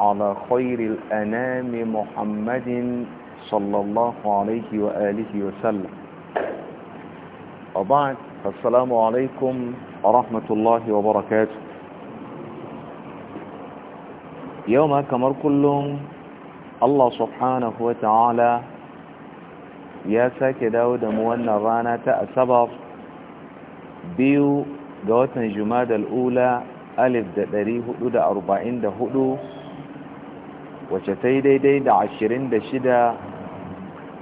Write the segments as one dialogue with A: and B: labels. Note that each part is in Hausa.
A: على خير الأنام محمد صلى الله عليه وآله وسلم وبعد السلام عليكم ورحمة الله وبركاته يوم كمر كلهم الله سبحانه وتعالى يا ساك داود مولنا رانا تأسبر بيو جواتنا جماد الأولى ألف دريه دا أربعين دهدو هدو wacce ta yi daidai da shida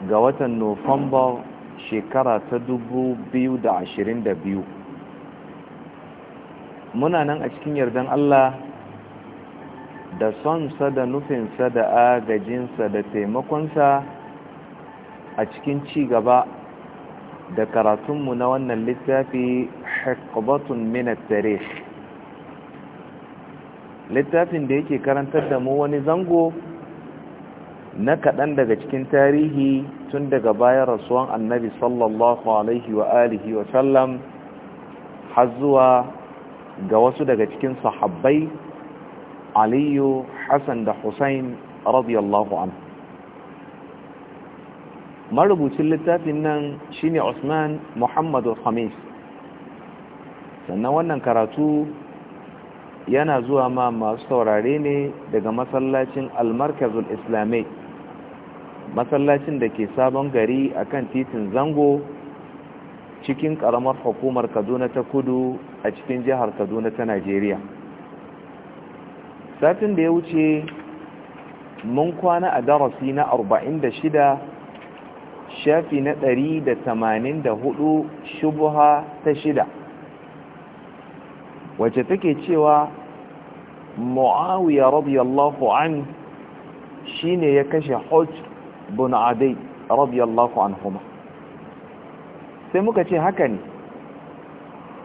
A: ga watan nufamba shekara ta 2022 muna nan a cikin yardan Allah da sonsa da nufinsa da agajinsa da taimakonsa a cikin ci gaba da karatunmu na wannan littafi haƙƙabatun minatare shi littafin da yake karantar da mu wani zango na kaɗan daga cikin tarihi tun daga bayan rasuwan annabi sallallahu alaihi wa alihi wa sallam har zuwa ga wasu daga cikin sahabbai aliyu hassan da hussein radiyallahu an marubucin littafin nan shine usman muhammadu khamis sannan wannan karatu yana zuwa ma masu saurare ne daga masallacin almarkazul islami masallacin da ke sabon gari a kan titin zango cikin karamar hukumar kaduna ta kudu a cikin jihar kaduna ta najeriya satin da ya wuce mun kwana a darasi na 46 shafi na 184 shubuha ta shida wacce take cewa muawiya radiyallahu an shine ya kashe hoj bin adai radiyallahu huma sai muka ce haka ne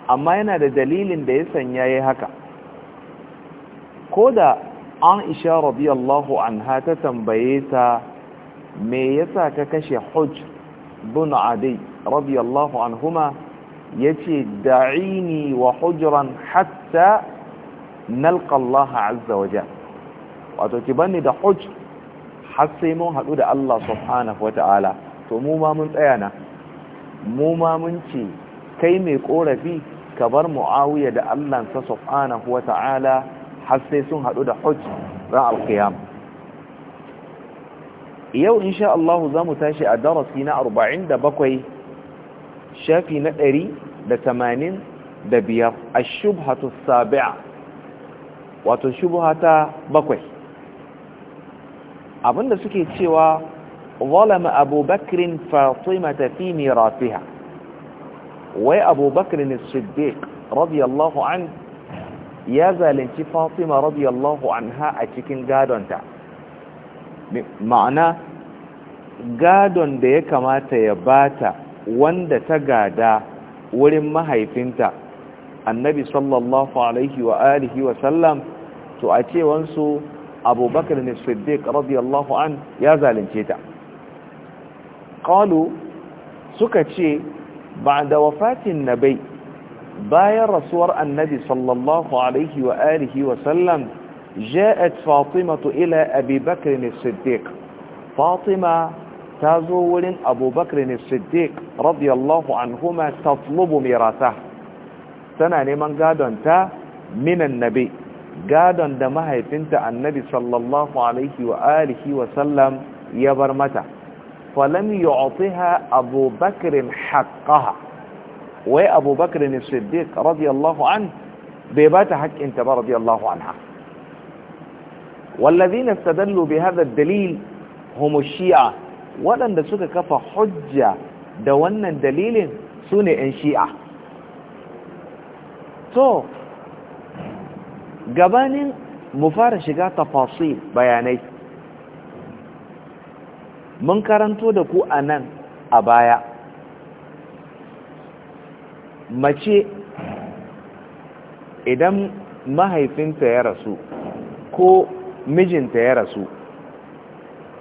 A: amma yana da dalilin da ya sanya ya haka ko da aisha radiyallahu anha ta tambaye ta me yasa ka kashe hoj bin adai radiyallahu huma. yace da'ini wa hujran hatta nalqa Allah azza wa jalla wato ki da huj har sai mun hadu da Allah subhanahu wa ta'ala to mu ma mun tsayana mu ma mun ce kai mai korafi ka bar muawiya da Allah sa subhanahu wa ta'ala har sai sun hadu da huj ran alkiyam yau insha Allah zamu tashi a darasi na 47 shafi na ɗari da tamanin da biyar a shubhatu sabi'a wato shubhata bakwai abinda suke cewa zalama abubakrin fatima ta fi mirafiha wai abubakrin siddiq radiyallahu an ya zalunci fatima radiyallahu anha a cikin gadonta ma'ana gadon da ya kamata ya bata wanda ta gada wurin mahaifinta annabi sallallahu alaihi wa alihi wa sallam to a cewansu abubakar ne siddiq radiyallahu an ya zalunce ta qalu suka ce ba'da wafatin nabai bayan rasuwar annabi sallallahu alaihi wa alihi wa sallam ja'at fatimatu ila abubakar ne siddiq fatima تازو ولن أبو بكر الصديق رضي الله عنهما تطلب ميراثه سنعني لمن قادوا أنت من النبي قادوا أندمها يفنت النبي صلى الله عليه وآله وسلم يبرمتا فلم يعطيها أبو بكر حقها وأبو بكر الصديق رضي الله عنه بيبات حق أنت رضي الله عنها والذين استدلوا بهذا الدليل هم الشيعة waɗanda suka kafa hujja da wannan dalilin su ne 'yan shi'a to gabanin mu fara shiga tafasir bayanai mun karanto da ku a nan a baya mace idan mahaifinta ya rasu ko mijinta ya rasu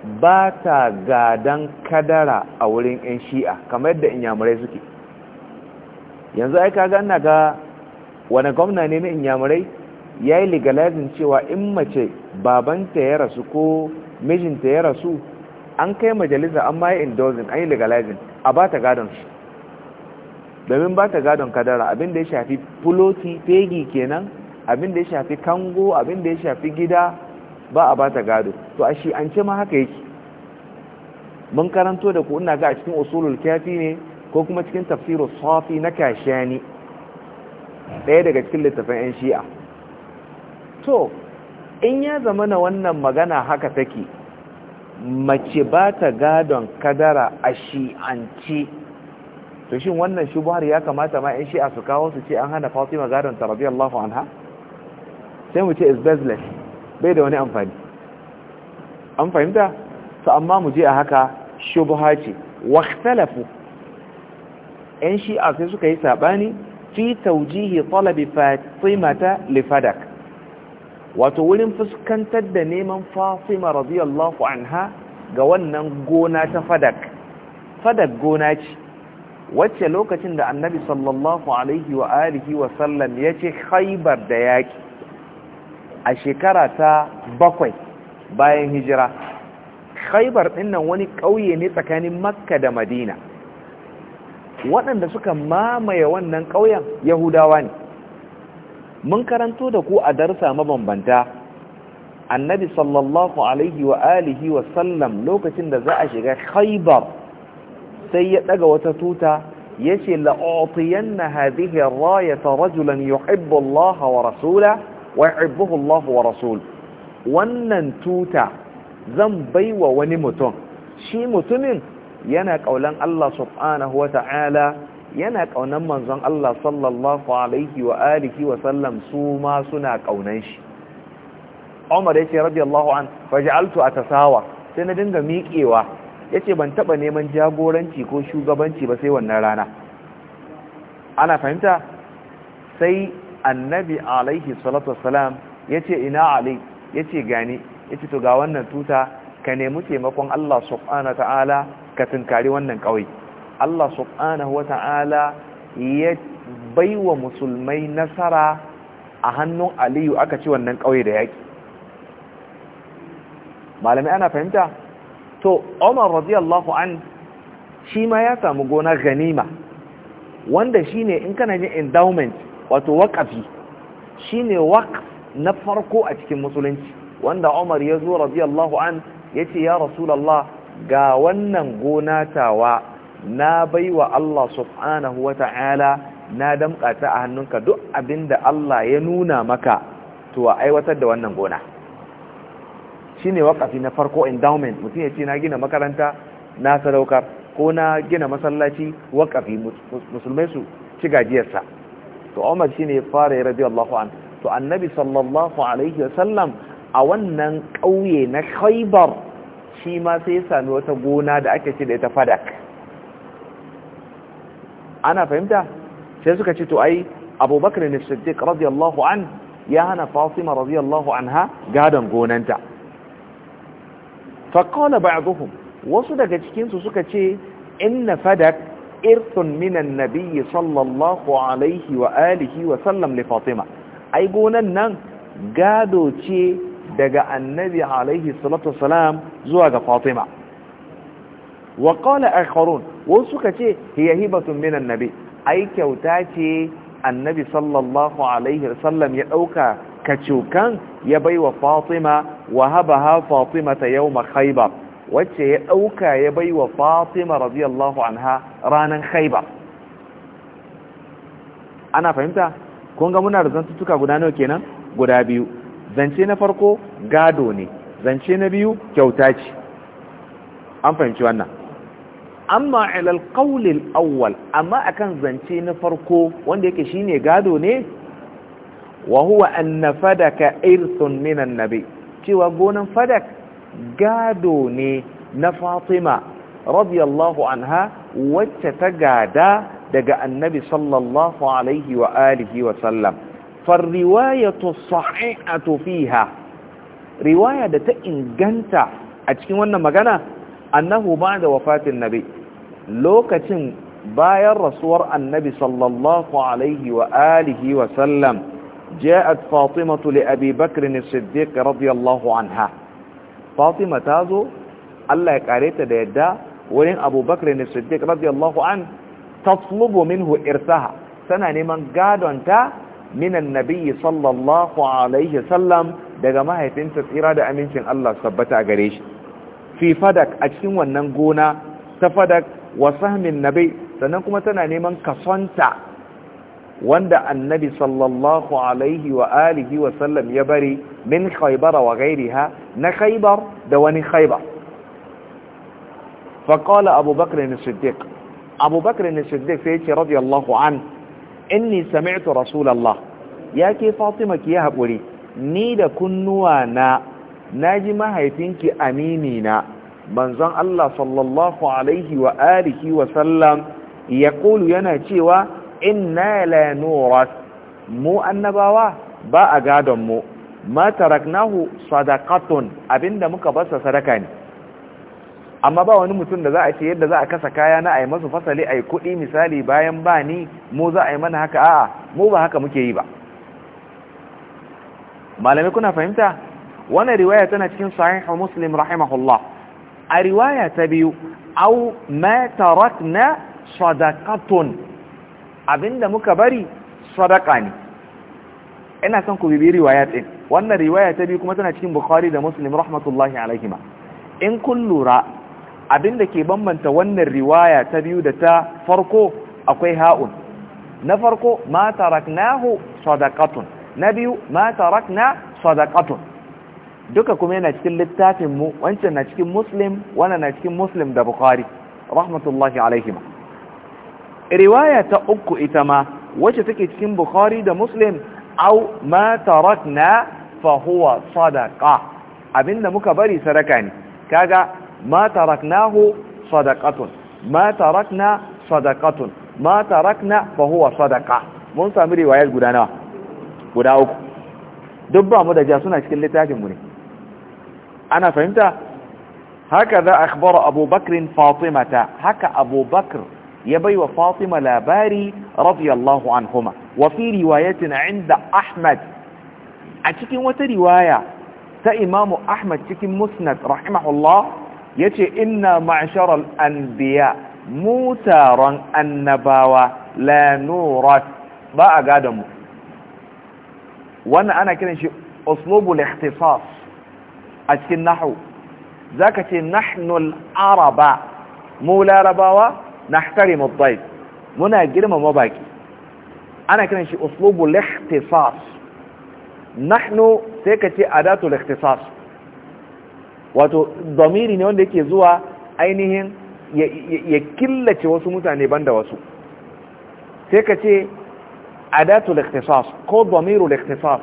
A: ba ta gadon kadara a wurin 'yan shi'a kamar yadda inyamurai suke yanzu aika ganna ga wani gwamna ne na inyamurai ya yi legalizin cewa in mace babanta ya rasu ko mijinta ya rasu an kai majalisa an ma yi indozin an yi legalizin a ba ta gadon shi domin ba ta gadon kadara abinda ya shafi fuloti fegi kenan abinda ya shafi kango abinda ya shafi gida ba a bata gado to a shi an ce ma haka yake mun karanto da ku ina ga a cikin usulul kafi ne ko kuma cikin tafsirus safi na kashani ɗaya daga cikin littafin yan shi'a to in ya zama na wannan magana haka take mace ba ta gadon kadara a shi'anci to shin wannan shubuhar ya kamata ma yan shi'a su kawo su ce an hana fatima gadon ta radiyallahu anha sai mu ce is bezlesh bai da wani amfani an fahimta su amma mu je a haka shubha ce waxtalafu yan shi'a sai suka yi saɓani fi taujihi talabi fatimata fadak, wato wurin fuskantar da neman fatima radiyallahu anha ga wannan gona ta fadak fadak gona ce wacce lokacin da annabi sallallahu alaihi wa alihi wa sallam ya ce haibar da yaki a shekara ta bakwai bayan hijira khaibar ɗinnan wani ƙauye ne tsakanin makka da madina waɗanda suka mamaye wannan ƙauyen yahudawa ne mun karanto da ku a darsa mabambanta annabi sallallahu alaihi wa alihi wa sallam lokacin da za a shiga khaibar sai ya ɗaga wata tuta ya ce la'otiyan na hadihin rayata rajulan yuhibbu Allah wa rasula wa Allah wa rasul wannan tuta zan baiwa wani mutum shi mutumin yana kaulan Allah subhanahu wa ta'ala yana ƙaunan manzon Allah sallallahu alaihi wa alihi wa sallam su ma suna kaunan shi Umar yace radiyallahu an faj'altu atasawa sai na dinga miƙewa yace ban taba neman jagoranci ko shugabanci ba sai wannan rana ana fahimta sai annabi alaihi salatu wasalam ya ce ina ali ya ce gani ya ce to ga wannan tuta ka nemi taimakon Allah subhanahu ta'ala ka tunkari wannan ƙauye Allah subhanahu ta'ala ya baiwa musulmai nasara a hannun aliyu aka ci wannan ƙauye da yaƙi malamai ana fahimta to umar radiyallahu an shi ma ya samu gona ganima wanda shi ne in kana jin endowment wato waƙafi shine ne na farko a cikin musulunci wanda Umar ya zo radiyallahu an ya ce ya rasulallah, ga wannan gonatawa na bai wa Allah subhanahu wa ta'ala na damƙa ta a hannunka duk abinda Allah ya nuna maka to a aiwatar da wannan gona shine waƙafi na farko endowment mutum ya ce na gina makaranta na sadaukar ko na gina masallaci waƙafi musulmai su ci gajiyarsa to Umar shine ya fara radiyallahu an to annabi sallallahu alaihi wasallam a wannan kauye na Khaybar shi ma sai ya sami wata gona da ake ce da ita Fadak ana fahimta sai suka ce to ai Abu Bakr ne Siddiq radiyallahu an ya hana Fatima radiyallahu anha gadon gonanta fa qala ba'dhum wasu daga cikinsu suka ce inna Fadak irsun minan nabiyyi sallallahu alaihi wa alihi wa sallam li fatima ai gonan nan gado ce daga annabi alaihi salatu wasalam zuwa ga fatima wa qala akharun wasu kace hiya hibatun minan nabi ai kyauta ce annabi sallallahu alaihi wa wasallam ya dauka kacukan ya baiwa fatima wa habaha fatima ta yawma khaybar wacce ya ɗauka ya bai wa fatima radiyallahu anha ranar khaibar ana fahimta kun ga muna da zantuttuka guda nawa kenan guda biyu zance na farko gado ne zance na biyu kyauta ce an fahimci wannan amma ilal qawlil awwal amma akan zance na farko wanda yake shine gado ne wa huwa an fadaka irthun minan nabi cewa gonan fadak gado ne na fatima radiyallahu anha wacce ta gada daga annabi sallallahu alaihi wa alihi wa sallam farriwayatu sahihatu fiha riwaya da ta inganta a cikin wannan magana annahu ba'da wafatin nabi lokacin bayan rasuwar annabi sallallahu alaihi wa alihi wa sallam جاءت فاطمة لأبي بكر الصديق رضي الله anha. fatima ta zo Allah ya kare ta da yadda wurin abubakar ne siddiq radiyallahu an tatlubu minhu irsaha tana neman gadonta minan nabiyyi sallallahu alaihi sallam daga mahaifinta tsira da amincin Allah sabbata gare shi fi fadak a cikin wannan gona ta fadak wa sahmin nabi sannan kuma tana neman kasonta wanda annabi sallallahu alaihi wa alihi wa sallam ya bari min khaybara wa ghayriha na khaybar da wani khaybar fa qala abu bakr as-siddiq abu bakr as-siddiq sai ce radiyallahu an inni sami'tu Ya ke fatima ki ya hakuri ni da kunnuwa na na naji mahaifinki amini na manzon Allah sallallahu alaihi wa alihi wa sallam yana cewa inna la nurat mu annabawa ba a gadon mu ma taraknahu sadaqatun abinda muka basa sadaka ne amma ba wani mutum da za a ce yadda za a kasa kaya na a masu fasali a yi kuɗi misali bayan ba ni mu za a yi mana haka a'a mu ba haka muke yi ba malami kuna fahimta wannan riwaya tana cikin sahihu muslim rahimahullah a riwaya ta biyu au ma tarakna sadaqatun abinda muka bari sadaka ne ina son ku bibi riwaya din wannan riwaya ta biyu kuma tana cikin bukhari da muslim rahmatullahi alaihima in kun lura abinda ke bambanta wannan riwaya ta biyu da ta farko akwai ha'un na farko ma taraknahu sadaqatun na biyu ma tarakna sadaqatun duka kuma yana cikin littafin mu wancan na cikin muslim wannan na cikin muslim da bukhari rahmatullahi alaihima riwaya ta uku ita ma wacce take cikin bukhari da muslim au ma tarakna fa huwa sadaqa abinda muka bari sadaka ne kaga ma taraknahu sadaqatun ma tarakna sadaqatun ma tarakna fa huwa sadaqa mun sami riwayar guda nawa guda uku duk ba mu da ja suna cikin littafin mu ne ana fahimta haka za akhbara abubakrin fatimata haka abubakar يبي وفاطمة لاباري رضي الله عنهما وفي رواية عند أحمد أتكين رواية تإمام أحمد تكي مسند رحمه الله يتي إن معشر الأنبياء موتارا النباوة لا نورت باء قادم وانا أنا كنا شيء أسلوب الاختصاص أتكين النحو ذاك نحن العرب مو رباوة نحترم الضيف منا جرم مباكي انا كان شي اسلوب الاختصاص نحن سيكتي اداة الاختصاص واتو ضميري نيون ديكي زوا اينهن يكلة واسو متى نيباند واسو سيكتي اداة الاختصاص كو ضمير الاختصاص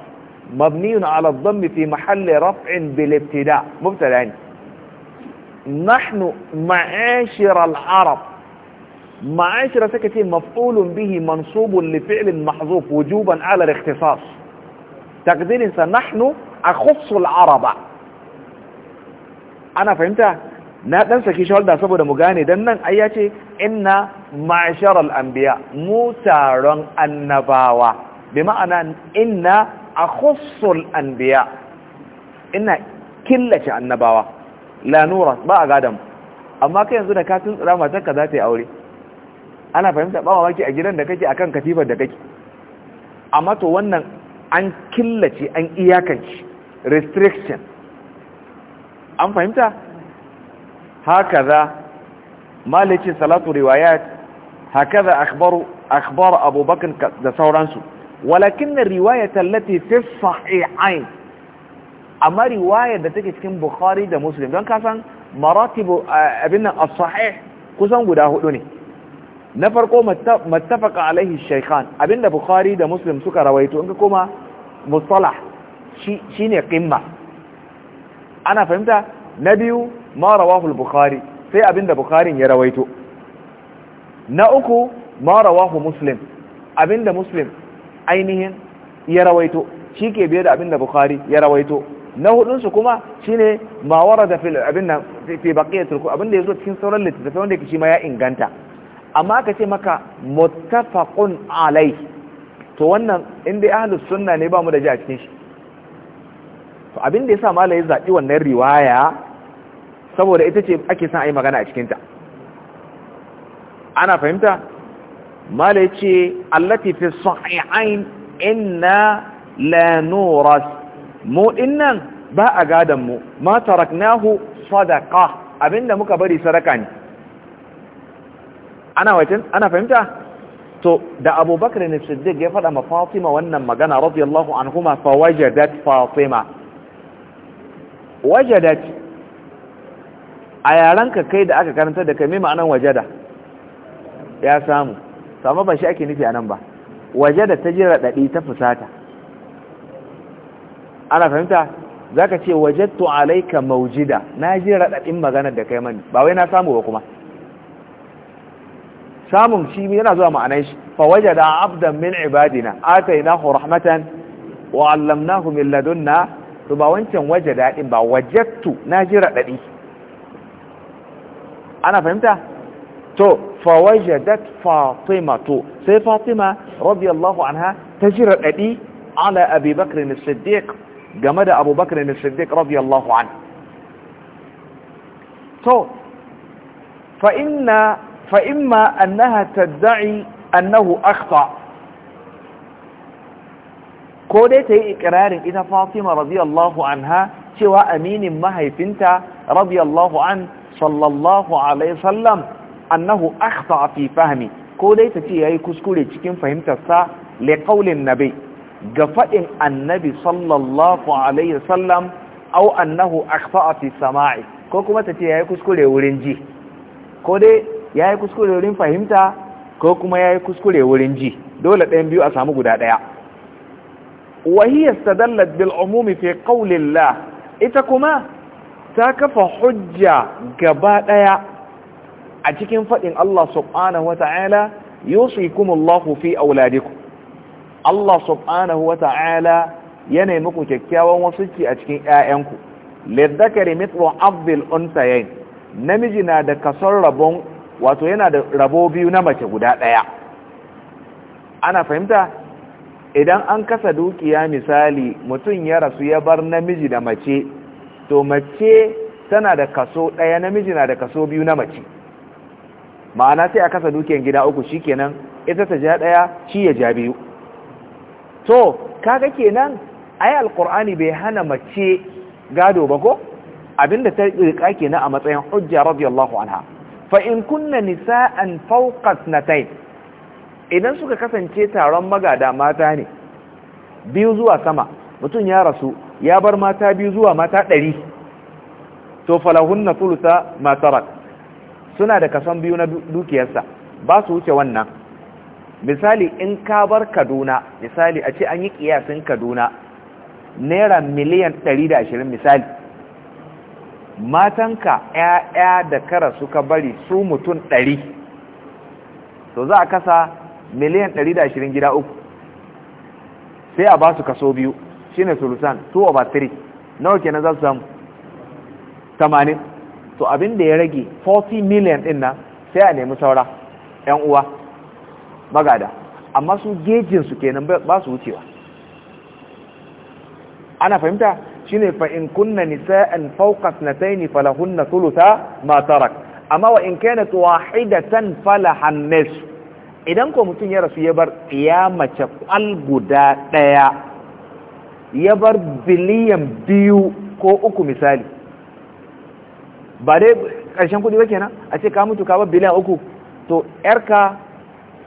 A: مبني على الضم في محل رفع بالابتداء مبتدعين نحن معاشر العرب ma'ashira suka ce maf'ulun bihi mansubun li fi'lin mahzuf wujuban ala al-ikhtisas taqdirin sa nahnu araba ana fahimta na dan saki shoulder saboda mu gane dan nan ai yace inna ma'ashara anbiya mu taron annabawa bi ma'ana inna akhussu anbiya inna killace annabawa la nura ba a gadan amma kai yanzu da ka tuntsura matarka za ta yi aure ana fahimta ba mamaki a gidan da kake akan katifar da kake amma to wannan an killace an iyakance restriction an fahimta haka za malikin salatu riwayat haka za akhbar abubakar da sauransu walakin na riwayat allati fi sahihain amma riwayar da take cikin bukhari da muslim don kasan maratibu eh, abin nan as-sahih kusan guda hudu ne na farko mattafaka alaihi shaykhan abinda bukhari da muslim suka rawaito in ka koma mustalah shine qimma ana fahimta na biyu ma rawahu al-bukhari sai abinda bukharin ya rawaito na uku ma rawahu muslim abinda muslim ainihin ya rawaito shi ke biye da abinda bukhari ya rawaito na hudunsu kuma shine ma warada fil abinda fi baqiyatul abinda yazo cikin sauran littattafai wanda yake shi ma ya inganta amma ka ce maka muttafaqun alai to wannan inda ya ahlus sunna ne ba mu da ji a cikin shi to abin da yasa malai zabi wannan riwaya saboda ita ce ake son a magana a cikin ana fahimta malai ce allati fi sahihain inna la nuras mu dinnan ba a gadan mu ma taraknahu sadaqa abinda muka bari sadaka ne ana wajen ana fahimta to da abubakar ne siddiq ya faɗa ma fatima wannan magana radiyallahu anhuma fa wajadat fatima wajadat a yaranka kai da aka karanta da kai mai ma'anar wajada ya samu sama ba shi ake nufi anan ba wajada ta jira daɗi ta fusata ana fahimta za ka ce wajattu alaika maujida na jira daɗin maganar da kai mani ba wai na samu ba kuma samun shi yana zuwa ma'anai. shi fa wajada abdan min ibadina atainahu rahmatan wa 'allamnahu min ladunna to ba wancan wajada din ba wajattu najira dadi ana fahimta to fa wajadat fatima to sai fatima radiyallahu anha tajira dadi ala abi bakr as-siddiq game da abu bakr as-siddiq radiyallahu anhu to fa inna فإما أنها تدعي أنه أخطأ كودي تي إقرار إذا فاطمة رضي الله عنها سوى أمين مهي فنت رضي الله عنه صلى الله عليه وسلم أنه أخطأ في فهمي كودي تتي أي كسكولي تكين فهمت الساعة لقول النبي قفئ النبي صلى الله عليه وسلم أو أنه أخطأ في سماعي كوكما تتي أي كسكولي ورنجي كودي ya yi kuskure wurin fahimta ko kuma ya yi kuskure wurin ji dole ɗayan biyu a samu guda ɗaya Wahiyasta sadallar bil umumi fi ƙaulillah ita kuma ta kafa hujja gaba ɗaya a cikin faɗin Allah subhanahu wa ta'ala yusikumullahu fi auladiku Allah subhanahu wa ta'ala yana muku kyakkyawan ci a cikin 'yayanku lidzakari mithlu afdil unsayayn namiji na da kasar rabon wato yana da rabo biyu na mace guda ɗaya ana fahimta idan an kasa dukiya misali mutum ya rasu ya bar namiji da mace to mace tana da kaso ɗaya namiji na da kaso biyu na mace ma'ana sai a kasa dukiyan gida uku shikenan ita ta ja ɗaya shi ya ja biyu to kaga kenan ayi alkur'ani bai hana mace gado ba ko abinda ta rika kenan a matsayin hujja radiyallahu anha fa in kunna nisa'an na ithnatayn idan suka kasance taron magada mata ne biyu zuwa sama mutum ya rasu ya bar mata biyu zuwa mata ɗari to falahunna thulutha ma tarak suna da kasan biyu na dukiyarsa ba su wuce wannan misali in ka bar Kaduna misali a ce an yi kiyasin Kaduna naira miliyan 120 misali matanka ƴaƴa da kara suka bari su mutum ɗari to za a kasa miliyan ɗari da ashirin gida uku sai a ba su kaso biyu shi ne sulusan 2 over 3 nawa kenan za su samu 80 to abin da ya rage 40 miliyan ɗin nan sai a nemi saura ‘yan uwa magada amma su gejinsu kenan ba su wucewa ana fahimta shine fa in kunna nisa'an fawqa ithnatayn falahunna thulutha ma tarak amma wa in kanat wahidatan falahan nisf idan ko mutum ya rasu ya bar ya mace kwal guda daya ya bar biliyan biyu ko uku misali ba dai ƙarshen kudi ba kenan a ce ka mutu ka bar biliyan uku to yarka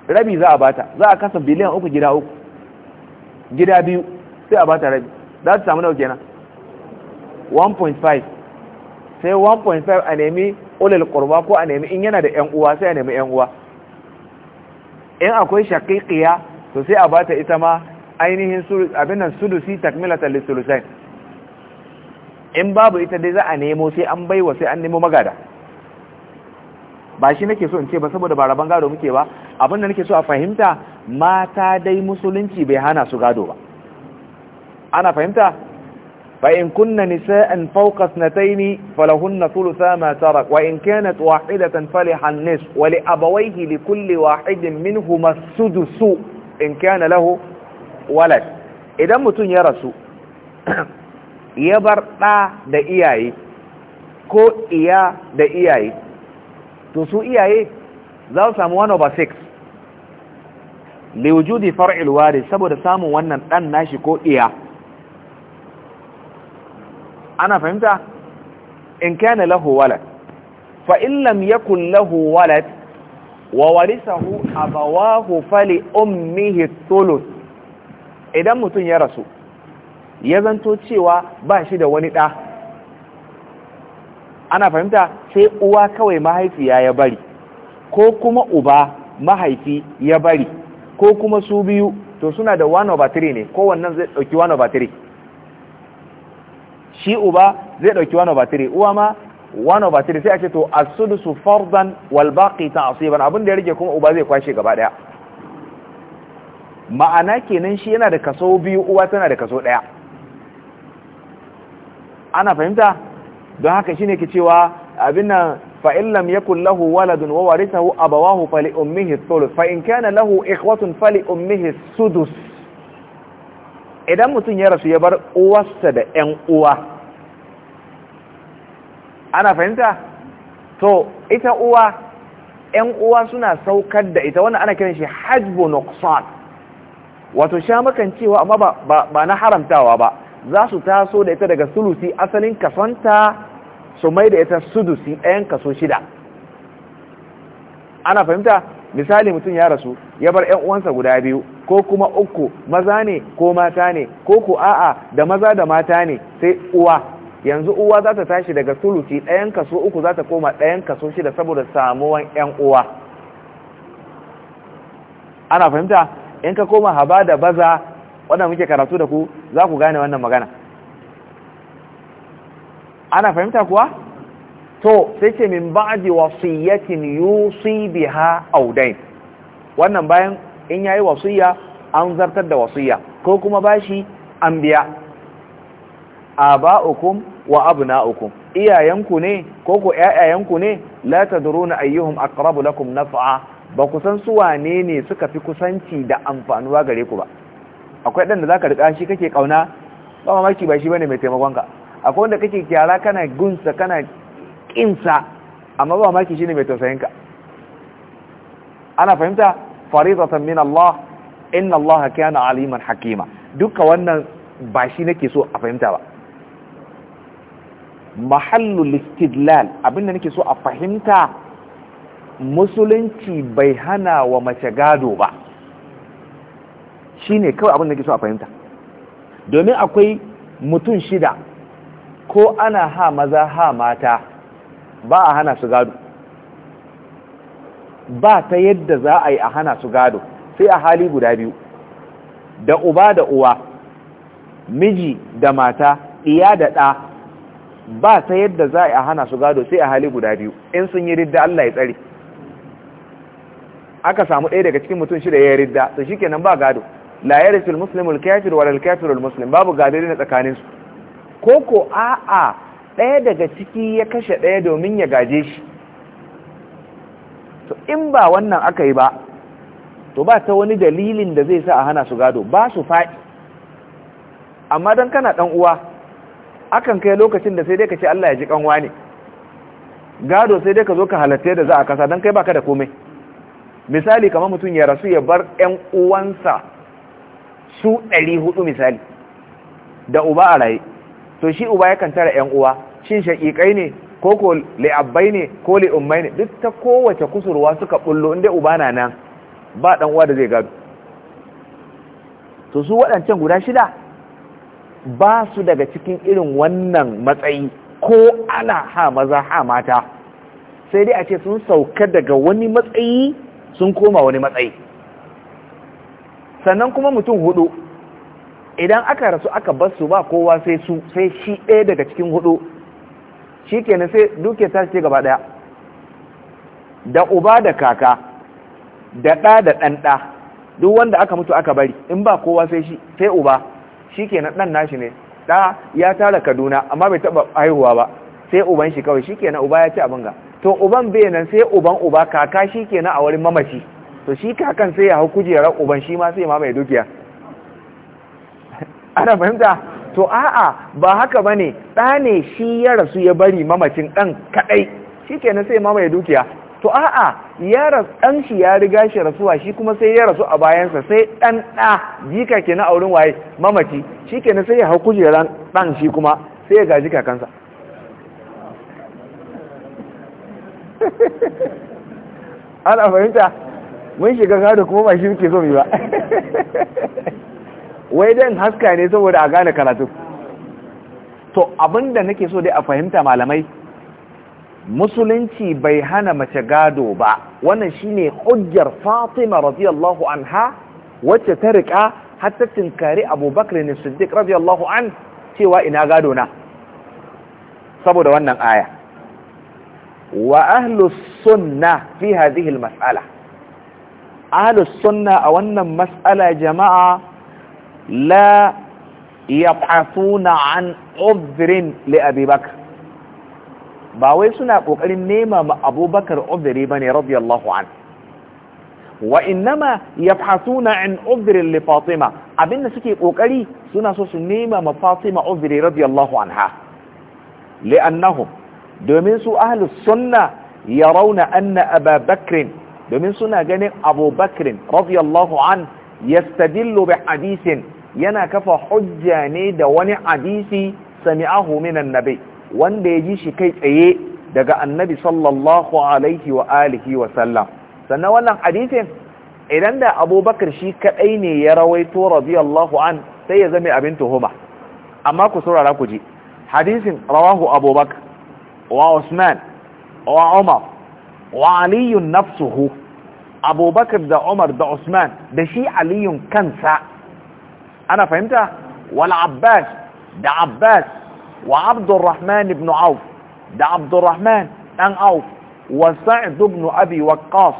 A: rabi za a bata za a kasa biliyan uku gida uku gida biyu sai a bata rabi za ta samu nawa kenan 1.5 sai 1.5 a nemi ulil qurba ko a nemi in yana da yan uwa sai a nemi yan uwa in akwai shakikiya to sai a bata ita ma ainihin abin nan sulusi takmilatan lisulusain in babu ita dai za a nemo sai an baiwa sai an nemo magada ba shi nake so in ce ba saboda ba raban gado muke ba abin da nake so a fahimta mata dai musulunci bai hana su gado ba ana fahimta فإن كن نساء فوق اثنتين فلهن ثلثا ما ترك وإن كانت واحدة فلح النصف ولأبويه لكل واحد منهما السدس إن كان له ولد إذا متن يرسو يبر دا دا كو إيا دا تسو إياي ذو سموان over سكس لوجود فرع الوارث سبب سامو ونن أن ناشي كو إياه ana fahimta in kana lahu walad fa in lam yakul lahu walad wa warisahu abawahu fali ummihi thuluth idan mutum ya rasu ya zanto cewa ba shi da wani ɗa ana fahimta sai uwa kawai mahaifiya ya bari ko kuma uba mahaifi ya bari ko kuma su biyu to suna da 1 over 3 ne kowannan zai ɗauki 1 over 3 shi uba zai dauki 1 over 3 uwa ma 1 over 3 sai a ce to as-sudusu fardan wal yi ta'siban abin da ya rike kuma uba zai kwashe gaba daya ma'ana kenan shi yana da kaso biyu uwa tana da kaso daya ana fahimta don haka shine ke cewa abin nan fa in lam yakul lahu waladun wa warithahu abawahu fali ummihi ath fa in kana lahu ikwatun fali ummihi ath-sudus idan mutum ya rasu ya bar uwarsa da 'yan uwa ana fahimta to ita uwa 'yan uwa suna saukar da ita wannan ana kiran shi hajjbo nuqsan wato sha makan cewa amma ba na haramtawa ba za su taso da ita daga sulusi asalin kasanta su mai da ita sudusi ɗayan kaso shida ana fahimta misali mutum ya rasu ya bar ƴan uwansa guda biyu ko kuma uku maza ne ko mata ne ko ku a'a da maza da mata ne sai uwa yanzu uwa za ta tashi daga suluki ɗayan kaso uku za ta koma ɗayan kaso shida saboda samuwan ƴan uwa ana fahimta in ka koma haba da baza wanda muke karatu da ku za ku gane wannan magana ana fahimta kuwa to sai ce min ba'di wasiyatin yusi biha aw wannan bayan in yayi wasiyya an zartar da wasiyya ko kuma bashi an biya aba'ukum wa abna'ukum iyayenku ne ko ko ƴaƴayenku ne la tadruna ayyuhum aqrabu lakum naf'a ba ku san su wane ne suka fi kusanci da amfanuwa gare ku ba akwai dan da zaka rika shi kake kauna ba mamaki ba shi bane mai taimakon ka akwai wanda kake kyara kana gunsa kana haƙƙinsa amma ba maki shine mai tausayinka ana fahimta faridatan min Allah inna Allah kana aliman hakima duka wannan ba shi nake so a fahimta ba mahallul istidlal abinda nake so a fahimta musulunci bai hana wa mace gado ba shine kawai abinda nake so a fahimta domin akwai mutum shida ko ana ha maza ha mata ba a hana su gado ba ta yadda za a yi a hana su gado sai a hali guda biyu da uba da uwa miji da mata iya da ɗa ba ta yadda za a hana su gado sai a hali guda biyu in sun yi ridda Allah ya tsare aka samu ɗaya daga cikin mutum shida ya yi ridda to nan ba gado la yarisul muslimul kafir wal kafirul muslim babu gado ne tsakanin su koko a'a ɗaya daga ciki ya kashe ɗaya domin ya gaje shi to in ba wannan aka yi ba to ba ta wani dalilin da zai sa a hana su gado ba su faɗi amma don kana ɗan uwa akan kai lokacin da sai dai ka ce Allah ya ji ƙanwa ne gado sai dai ka zo ka halatta da za a kasa don kai ba ka da komai misali kamar mutum ya rasu ya bar 'yan uwansa su ɗari hudu misali da uba a raye to shi uba yakan tara yan uwa shin shaƙiƙai ne ko ko li'abbai ne ko li'ummai ne duk ta kowace kusurwa suka bullo inda uba na nan ba dan uwa da zai gado to su waɗancan guda shida ba su daga cikin irin wannan matsayi ko ana ha maza ha mata sai dai a ce sun sauka daga wani matsayi sun koma wani matsayi sannan kuma mutum hudu idan aka rasu aka bar su ba kowa sai su sai shi ɗaya daga cikin hudu shi kenan sai duke ta ce gaba ɗaya da uba da kaka da ɗa da ɗan ɗa duk wanda aka mutu aka bari in ba kowa sai shi sai uba shi kenan ɗan nashi ne ɗa ya tara kaduna amma bai taɓa haihuwa ba sai uban shi kawai shi kenan uba ya ci abin ga to uban bai nan sai uban uba kaka shi kenan a wurin mamaci to shi kakan sai ya hau kujerar uban shi ma sai ma mai dukiya ana fahimta to a'a ba haka ba ne ɗane shi ya rasu ya bari mamacin ɗan kaɗai shi kenan sai mamaye dukiya to a'a ya ɗan shi ya riga shi rasuwa shi kuma sai ya rasu a bayansa sai ɗan ɗa jika ke na auren waye mamaci shi kenan sai ya hau kujeran ɗan shi kuma sai ya gaji kakansa ana fahimta mun shiga gado kuma ba shi ke so mai ba wai dan haska ne saboda a gane karatu to abinda nake so dai a fahimta malamai musulunci bai hana mace gado ba wannan shine hujjar Fatima radiyallahu anha wacce ta rika har ta tinkari Abubakar ne Siddiq radiyallahu an cewa ina gado na saboda wannan aya wa ahlus sunna fi hadhihi al mas'ala ahlus sunna a wannan mas'ala jama'a لا يبحثون عن عذر لأبي بكر باوي سنة قوكرين نيمة أبو بكر عذري بني رضي الله عنه وإنما يبحثون عن عذر لفاطمة أبن سكي قوكري سنة سوس نيمة فاطمة عذري رضي الله عنها لأنهم دومين سو أهل السنة يرون أن أبا بكر دومين سنة أبو بكر رضي الله عنه يستدل بحديث yana kafa hujja ne da wani hadisi sami'ahu minan nabi wanda ya ji shi kai tsaye daga annabi sallallahu alaihi wa alihi wa sallam sannan wannan hadisin idan da abubakar shi kadai ne ya rawaito radiyallahu an sai ya zama abin tuhuma amma ku saurara ku ji hadisin rawahu abubakar wa usman wa umar wa aliyun nafsuhu abubakar da umar da usman da shi aliyun kansa ana fahimta wal abbas da abbas wa abdurrahman ibn auf da Abdulrahman dan auf wa sa'id ibn abi waqqas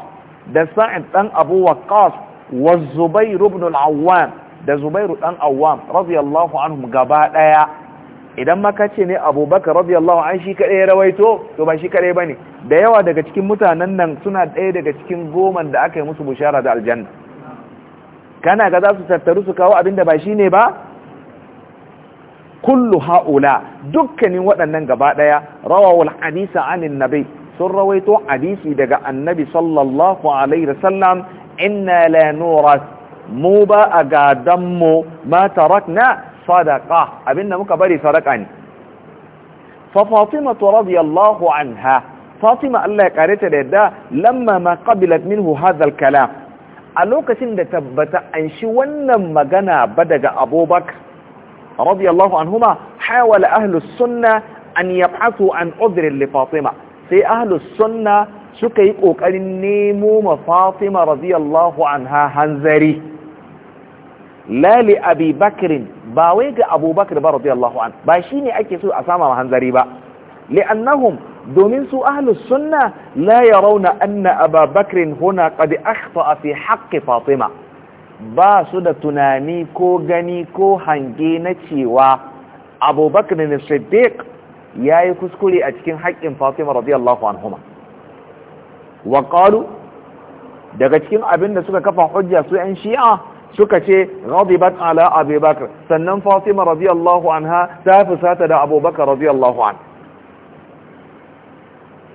A: da sa'id dan abu waqqas wa zubair ibn awwam da Zubairu dan awwam radiyallahu anhum gaba ɗaya. idan maka ce ne abubakar radiyallahu an shi kaɗai rawaito to ba shi kaɗai ba ne da yawa daga cikin mutanen nan suna ɗaya daga cikin goman da aka yi musu bushara da aljanna kana ga za su tattaru su kawo abinda ba shine ba kullu haula dukkanin waɗannan gaba ɗaya rawawul hadisa anin nabi sun rawaito hadisi daga annabi sallallahu alaihi wasallam inna la nuras mu ba a gadan mu ma tarakna sadaqa abinda muka bari sadaqa ne fa fatima radiyallahu anha fatima Allah ya kare ta da yadda lamma ma qabilat minhu hadha al-kalam a lokacin da tabbata an shi wannan magana ba daga abubak radiyallahu anhuma hawala ahlus sunna an yab'athu an udrin li fatima sai ahlus sunna suka yi kokarin nemo ma fatima radiyallahu anha hanzari la li abi ba wai ga abubakar ba radiyallahu an ba shine ake so a sama hanzari ba li'annahum domin su ahlus sunna la rauna anna Aba Bakr huna qad akhta'a fi haqqi Fatima ba su da tunani ko gani ko hange na cewa Abu Bakr ya yi yayi kuskure a cikin haƙƙin Fatima radiyallahu anhuma wa daga cikin abin da suka kafa hujja su ‘yan shi'a suka ce ghadibat ala abubakar sannan fatima radiyallahu anha ta sata da abubakar radiyallahu anha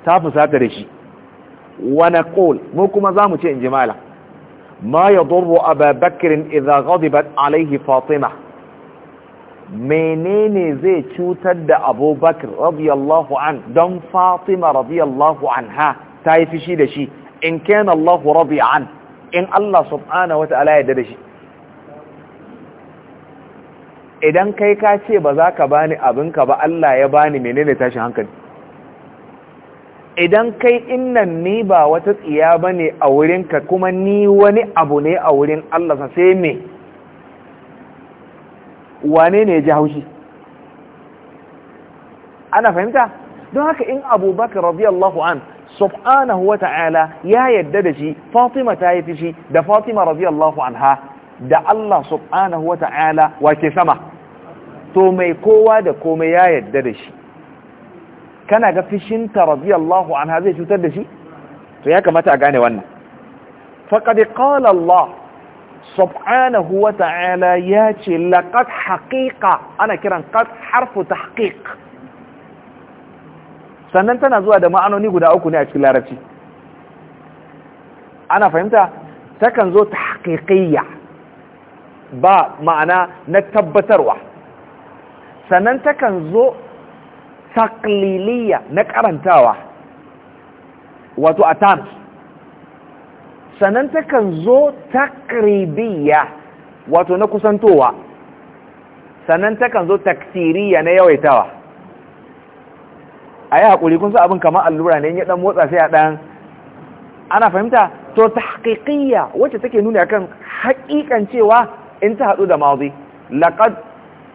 A: ta fusata da shi Wani kol mu kuma zamu ce in ji mala ma yadurru ababakr idza ghadibat alayhi fatima menene zai cutar da abubakar radiyallahu an don fatima radiyallahu anha ta yi fishi da shi in kana Allahu rabi'an in Allah subhanahu wa ta'ala ya da shi idan kai ka ce ba za ka bani abinka ba Allah ya bani menene tashin hankali idan kai innan ni ba wata tsiya ba ne a wurinka kuma ni wani abu ne a wurin Allah sai me wane ne ya ji haushi ana fahimta don haka in abubakar radiyallahu an subhanahu wa ta'ala ya yadda da shi fatima ta yi fishi da fatima radiyallahu anha da Allah subhanahu wa ta'ala wake sama to mai kowa da komai ya yadda da shi kana ga fishinta radiyallahu anha zai cutar da shi to ya kamata a gane wannan faqad qala Allah subhanahu wa ta'ala ya ce laqad haqiqa ana kiran qad harfu tahqiq sannan tana zuwa da ma'anoni guda uku ne a cikin larabci ana fahimta ta kan zo tahqiqiyya ba ma'ana na tabbatarwa sannan ta kan zo takliliya na karantawa wato a sanan sannan takan zo takribiya wato na kusantowa sannan takan zo taksiriya na yawaitawa a yi haƙuri kun abin kamar allura ne ya dan motsa sai a ɗan ana fahimta to tahqiqiyya wacce take nuna akan haƙiƙan cewa in ta hadu da mazi laqad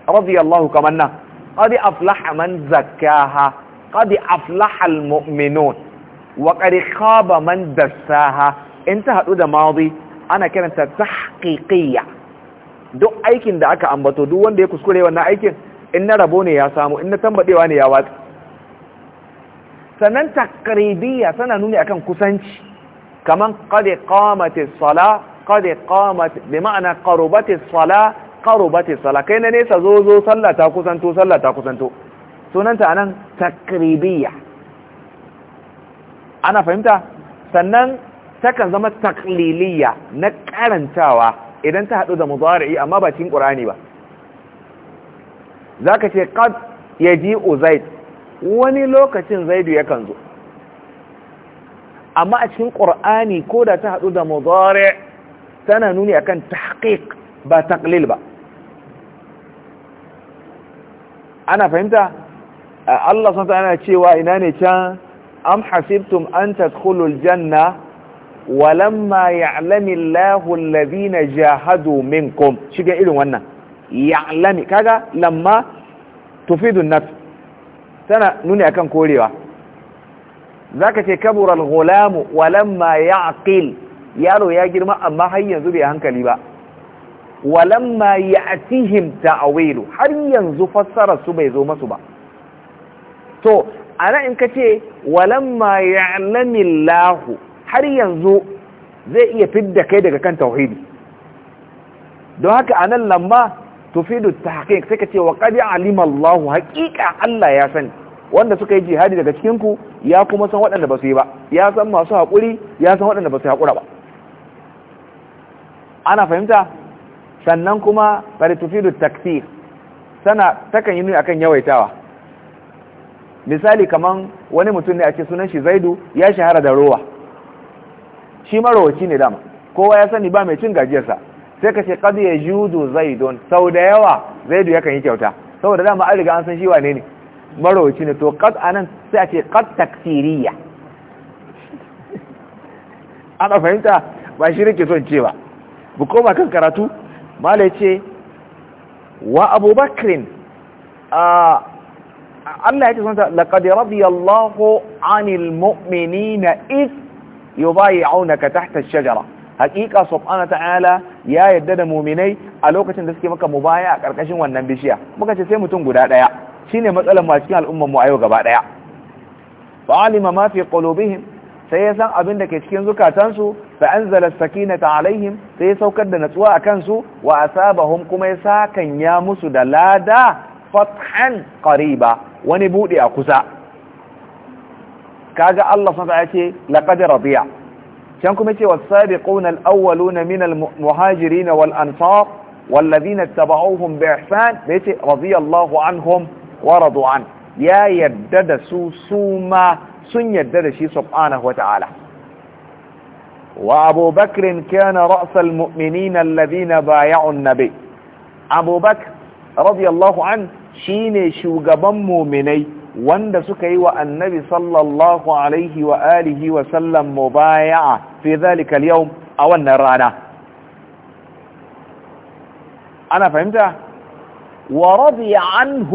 A: radiyallahu kamanna قد أفلح من زكاها قد أفلح المؤمنون وقد خاب من دساها انتهى ده ماضي أنا كانت تحقيقية duk aikin da aka ambato duk wanda ya kuskure wannan aikin in na rabo ne ya samu in na tambadewa ne ya watsi sannan takribiyya tana nuni akan kusanci kaman qad qamatis sala qad qamat bi ma'ana qarabatis sala qarubati sala kai na nesa zo zo sallah ta kusanto sallah ta kusanto sunanta anan takribiya. ana fahimta sannan takan zama takliliya na karantawa idan ta hadu da mudari'i amma ba cikin qur'ani ba zaka ce qad yaji'u zaid wani lokacin zaidu yakan zo amma a cikin qur'ani ko da ta hadu da mudari' tana nuni akan tahqiq ba taqlil ba ana fahimta Allah sun ta'ana cewa ina ne can am hasibtum an tadkhulul janna walamma ya'lami Allahu alladhina jahadu minkum shiga irin wannan ya'lami kaga lamma tufidu an-nat tana nuni akan korewa zaka ce kabura al-ghulam walamma ya'qil yaro ya girma amma har yanzu bai hankali ba walamma atihim ta'awilu har yanzu fassara su bai zo masu ba to ana in kace walamma lahu. har yanzu zai iya fidda kai daga kan tauhidi don haka anan lamma tufidu tahqiq sai kace wa qad alima Allahu haqiqa Allah ya sani wanda suka yi jihadi daga cikin ku ya kuma san waɗanda ba su yi ba ya san masu haƙuri ya san waɗanda ba su haƙura ba ana fahimta sannan kuma faritufidu takfir sana takan yi nuni akan yawaitawa misali kamar wani mutum ne a ce sunan shi zaidu ya shahara da rowa shi marowaci ne dama kowa ya sani ba mai cin gajiyarsa sai ka ce kadu ya judu zaidun sau da yawa zaidu yakan yi kyauta saboda dama an riga an san shi wane ne marowaci ne to kad anan sai a ce kad taksiriya ana fahimta ba shi rike son ce ba bu koma kan karatu mala ce wa abubakrin Allah ya ce sunta laqad radiyallahu 'anil mu'minina id auna tahta ash-shajara Haƙiƙa subhanahu ta'ala ya yadda da mu'minai a lokacin da suke maka mubaya a ƙarƙashin wannan bishiya muka ce sai mutum guda Shi ne matsalar mu a cikin al'ummar a yau gaba daya fa'alima ma fi qulubihim sai ya san abin da ke cikin zukatansu fa anzala sakinata alaihim sai ya saukar da natsuwa a kansu wa asabahum kuma ya sakan ya musu da lada fathan qariba wani bude a kusa kaga Allah subhanahu ya ce laqad radiya can kuma ce was-sabiquna al-awwaluna min al wal-ansar والذين اتبعوهم بإحسان بيتي رضي الله عنهم ورضوا عنه يا يدد suma. sun yadda da shi subhanahu wa ta'ala wa Abu Bakr kana ra'sal mu'minina alladhina bay'u an-nabi Abu Bakr radiyallahu an shine shugaban mu'minai wanda suka yi wa annabi sallallahu alaihi wa alihi wa sallam mubaya'a fi dhalika al-yawm a wannan rana أنا فهمتها ورضي عنه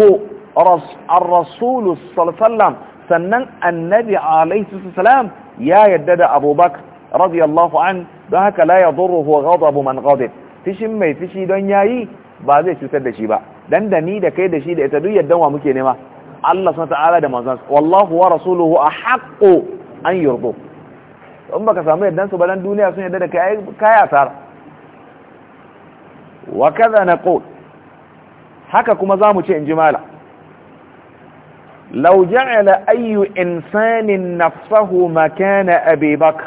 A: الرسول صلى الله عليه وسلم sannan annabi alaihi salam ya yadda da abubakar radiyallahu an don haka la yadurruhu ghadabu man ghadab fishin mai fishi don yayi ba zai cutar da shi ba dan da ni da kai da shi da ita duk yadda wa muke nema Allah subhanahu ta'ala da manzon wallahu wa rasuluhu a ahaqqu an yurdu in baka samu yadda su ba dan duniya sun yadda da kai kai asara wa kaza naqul haka kuma za mu ce in ji mala لو جعل أي إنسان نفسه مكان أبي بكر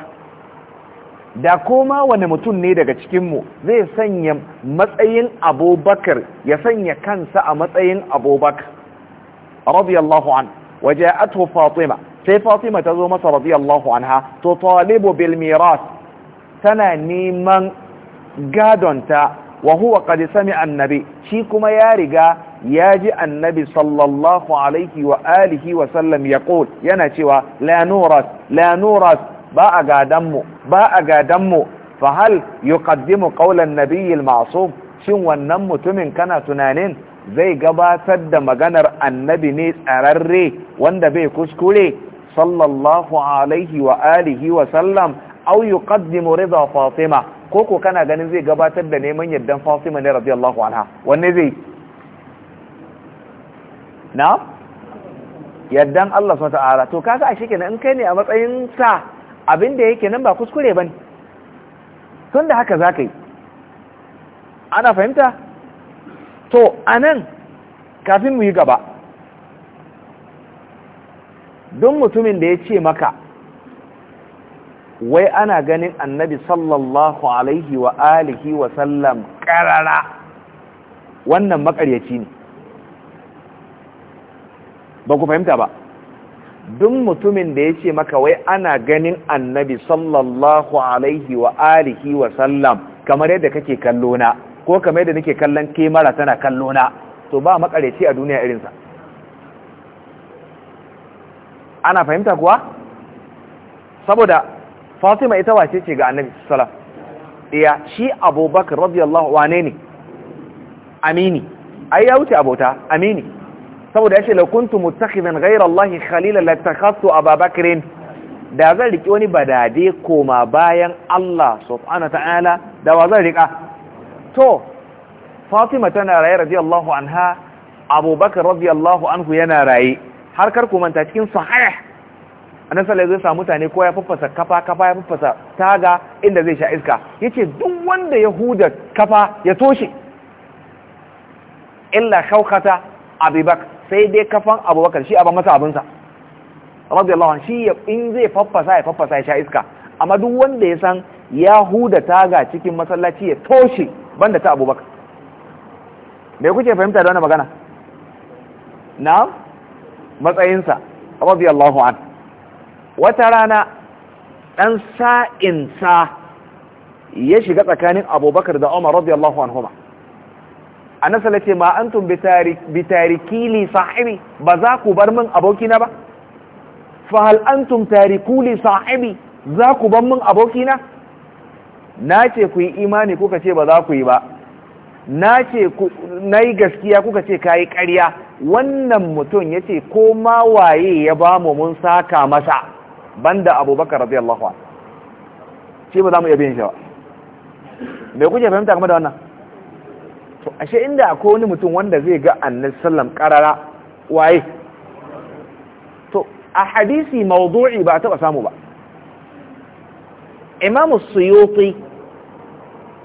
A: da koma wani mutum ne daga cikinmu zai sanya matsayin abubakar ya sanya kansa a matsayin abubakar radiyallahu an waje ato fatima sai fatima ta zo masa radiyallahu ha to talibu bil miras tana neman gadonta wa huwa qad annabi shi kuma ya riga ya ji annabi sallallahu alaihi wa alihi wa sallam yaqul yana cewa la nuras la nuras ba a gadan mu ba a gadan mu fa hal yuqaddimu qawlan nabiyil ma'sum shin wannan mutumin kana tunanin zai gabatar da maganar annabi ne tsararre wanda bai kuskure sallallahu alaihi wa alihi wa sallam au yuqaddimu ridha fatima ko ko kana ganin zai gabatar da neman yardan Fatima ne radiyallahu anha wanne zai na yardan Allah subhanahu ta'ala to kaga ashe kenan in kai ne a matsayin sa abin da yake nan ba kuskure bane tunda haka ka yi ana fahimta to anan kafin mu yi gaba don mutumin da ya ce maka wai ana ganin annabi sallallahu alaihi wa alihi wa sallam karara wannan makaryaci ne ba ku fahimta ba duk mutumin da ya ce maka wai ana ganin annabi sallallahu alaihi wa alihi wa sallam kamar yadda kake kallo na ko kamar yadda nake kallon kemara tana kallo na to ba makaryaci a duniya irinsa ana fahimta kuwa saboda fatima ita wace ce ga annabi sallallahu iya shi abubakar radiyallahu wane ne amini ai ya wuce abota amini saboda yace la kuntu muttakhidan ghayra allahi khalila la takhassu ababakrin da zan riki wani badade koma bayan Allah subhanahu ta'ala da wa zan rika to fatima tana raye radiyallahu anha abubakar radiyallahu anhu yana raye har kar ku manta cikin sahih annabi sallai zai samu mutane ko ya faffasa kafa kafa ya faffasa taga inda zai sha iska yace duk wanda ya huda kafa ya toshe illa shawkata abubakar sai dai kafan abubakar shi aban masa abinsa radiyallahu anhu shi in zai faffasa ya faffasa ya sha iska amma duk wanda ya san ya huda taga cikin masallaci ya toshe banda ta abubakar me kuke fahimta da wannan magana na matsayinsa radiyallahu anhu wata rana ɗan sa'insa ya shiga tsakanin abubakar da umar radiyallahu A nasarar ce ma antum bi tarikili sahibi ba za ku bar min abokina ba fa hal tariki tarikuli sahibi za ku bar min abokina na ce ku yi imani kuka ce ba za ku yi ba na ce na yi gaskiya kuka ce ka yi ƙarya wannan mutum ya ce ko ma waye ya ba mu mun saka masa banda abubakar radiyallahu anhu shi ba za mu iya biyan shawa mai me kuke fahimta game da wannan to ashe inda akwai wani mutum wanda zai ga annal sallam karara waye to a hadisi mawdu'i ba a taba samu ba imam suyuti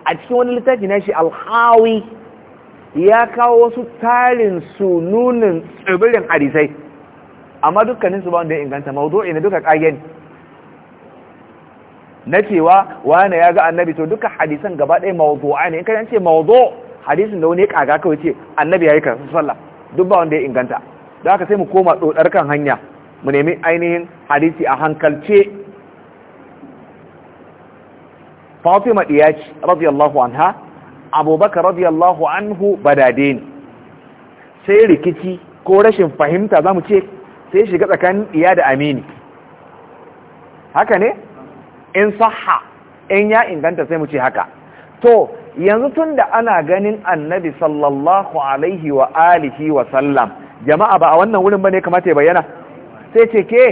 A: a cikin wani littafi na shi alhawi ya kawo wasu tarin sununin tsibirin hadisai amma dukkanin su ba wanda ya inganta mawdu'i ne duka kayan na cewa wani ya ga annabi to duka hadisan gaba ɗaya mawdu'a ne in kan ce mawdu hadisin da wani ya kaga kawai ce annabi ya yi karatu sallah duk ba wanda ya inganta da haka sai mu koma dodar kan hanya mu nemi ainihin hadisi a hankalce Fatima diyaci radiyallahu anha Abubakar radiyallahu anhu sai rikici ko rashin fahimta za mu ce sai shiga tsakanin iya da amini haka ne in saha in ya inganta sai mu ce haka to yanzu tun da ana ganin annabi sallallahu alaihi wa alihi wa sallam jama'a ba a wannan wurin bane kamata ya bayyana sai ce ke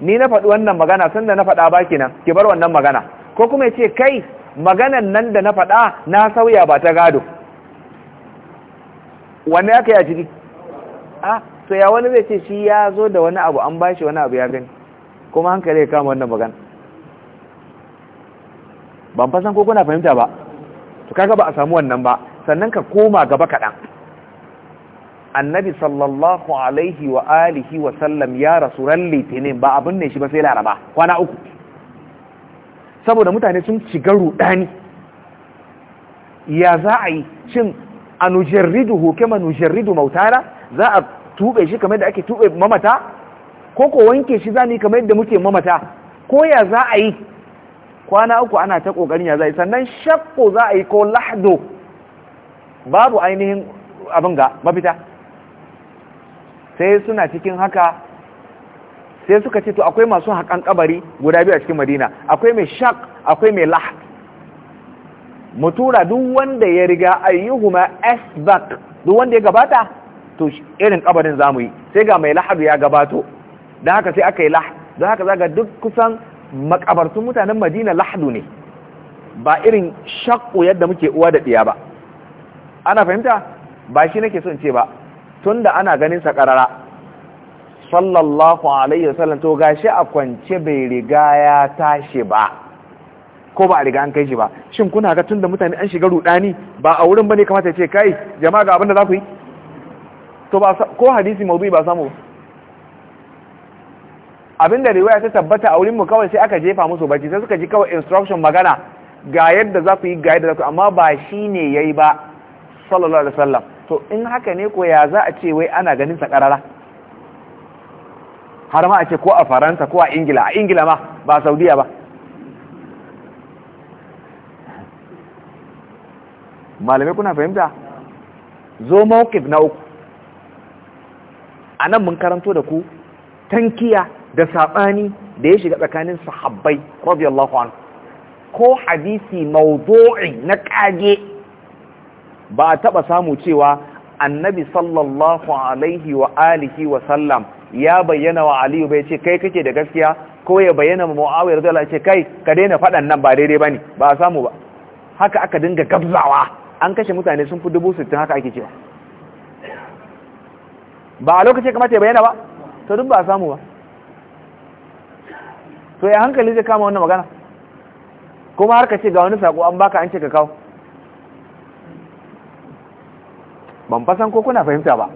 A: ni na faɗi wannan magana sanda na faɗa ba kenan ki bar wannan magana ko kuma ce kai maganan nan da na faɗa na sauya ba ta gado wanne aka yi a ciki ah, to ya wani zai ce shi ya zo da wani abu an bashi wani abu ya gani kuma hankali ya kama wannan magana ban fasan ko kuna fahimta ba to kaga ba a samu wannan ba sannan ka koma gaba kaɗan annabi sallallahu alaihi wa alihi wa sallam ya rasu ran litinin ba abin ne shi ba sai laraba kwana uku saboda mutane sun shiga rudani ya za a yi cin a nujarridu hukuma nujarridu mautana za a Tube shi kamar da ake tuɓe mamata ko ko wanke shi zani kamar yadda muke mamata ko ya za a yi kwana uku ana ta ƙoƙarin ya za a yi sannan shakko za a yi ko lahdo babu ainihin abin ga mafita sai suna cikin haka sai suka ce to akwai masu haƙan kabari guda biyu a cikin madina akwai mai shak akwai mai lahd mutura duk wanda ya riga ayyuhuma asbaq duk wanda ya gabata to irin kabarin zamu yi sai ga mai lahadu ya gabato da haka sai aka yi lahadu don haka zaga duk kusan makabartun mutanen Madina lahadu ne ba irin shakku yadda muke uwa da ɗiya ba ana fahimta ba shi nake son ce ba tun da ana ganin sa karara sallallahu alaihi wasallam to ga shi a kwance bai riga ya tashi ba ko ba a riga an kai shi ba shin kuna ga tun da mutane an shiga rudani ba a wurin bane kamata ya ce kai jama'a ga abin da za ku yi to ba ko hadisi maudu'i ba samu abinda riwaya ta tabbata a wurin mu kawai sai aka jefa musu baki sai suka ji kawai instruction magana ga yadda za ku yi ga yadda za ku amma ba shi ne ya yi ba sallallahu alaihi wasallam to in haka ne ko ya za a ce wai ana ganin sa karara har ma a ce ko a faransa ko a ingila a ingila ma ba saudiya ba malamai kuna fahimta zo mawkif na uku a nan mun karanto da ku tankiya da saɓani da ya shiga tsakanin sahabbai radiyallahu anhu ko hadisi mawdu'i na kage ba a taɓa samu cewa annabi sallallahu alaihi wa alihi wa sallam ya bayyana wa aliyu bai ce kai kake da gaskiya ko ya bayyana wa mu'awiyar zala ce kai ka daina faɗan nan ba daidai ba ne ba a samu ba haka aka dinga gabzawa an kashe mutane sun fi dubu sittin haka ake cewa ba a lokacin kamata ya bayyana ba to duk ba a samu ba to ya hankali zai kama wannan magana kuma har ka ce ga wani sako an baka an ce ka kawo ban fasan ko kuna fahimta ba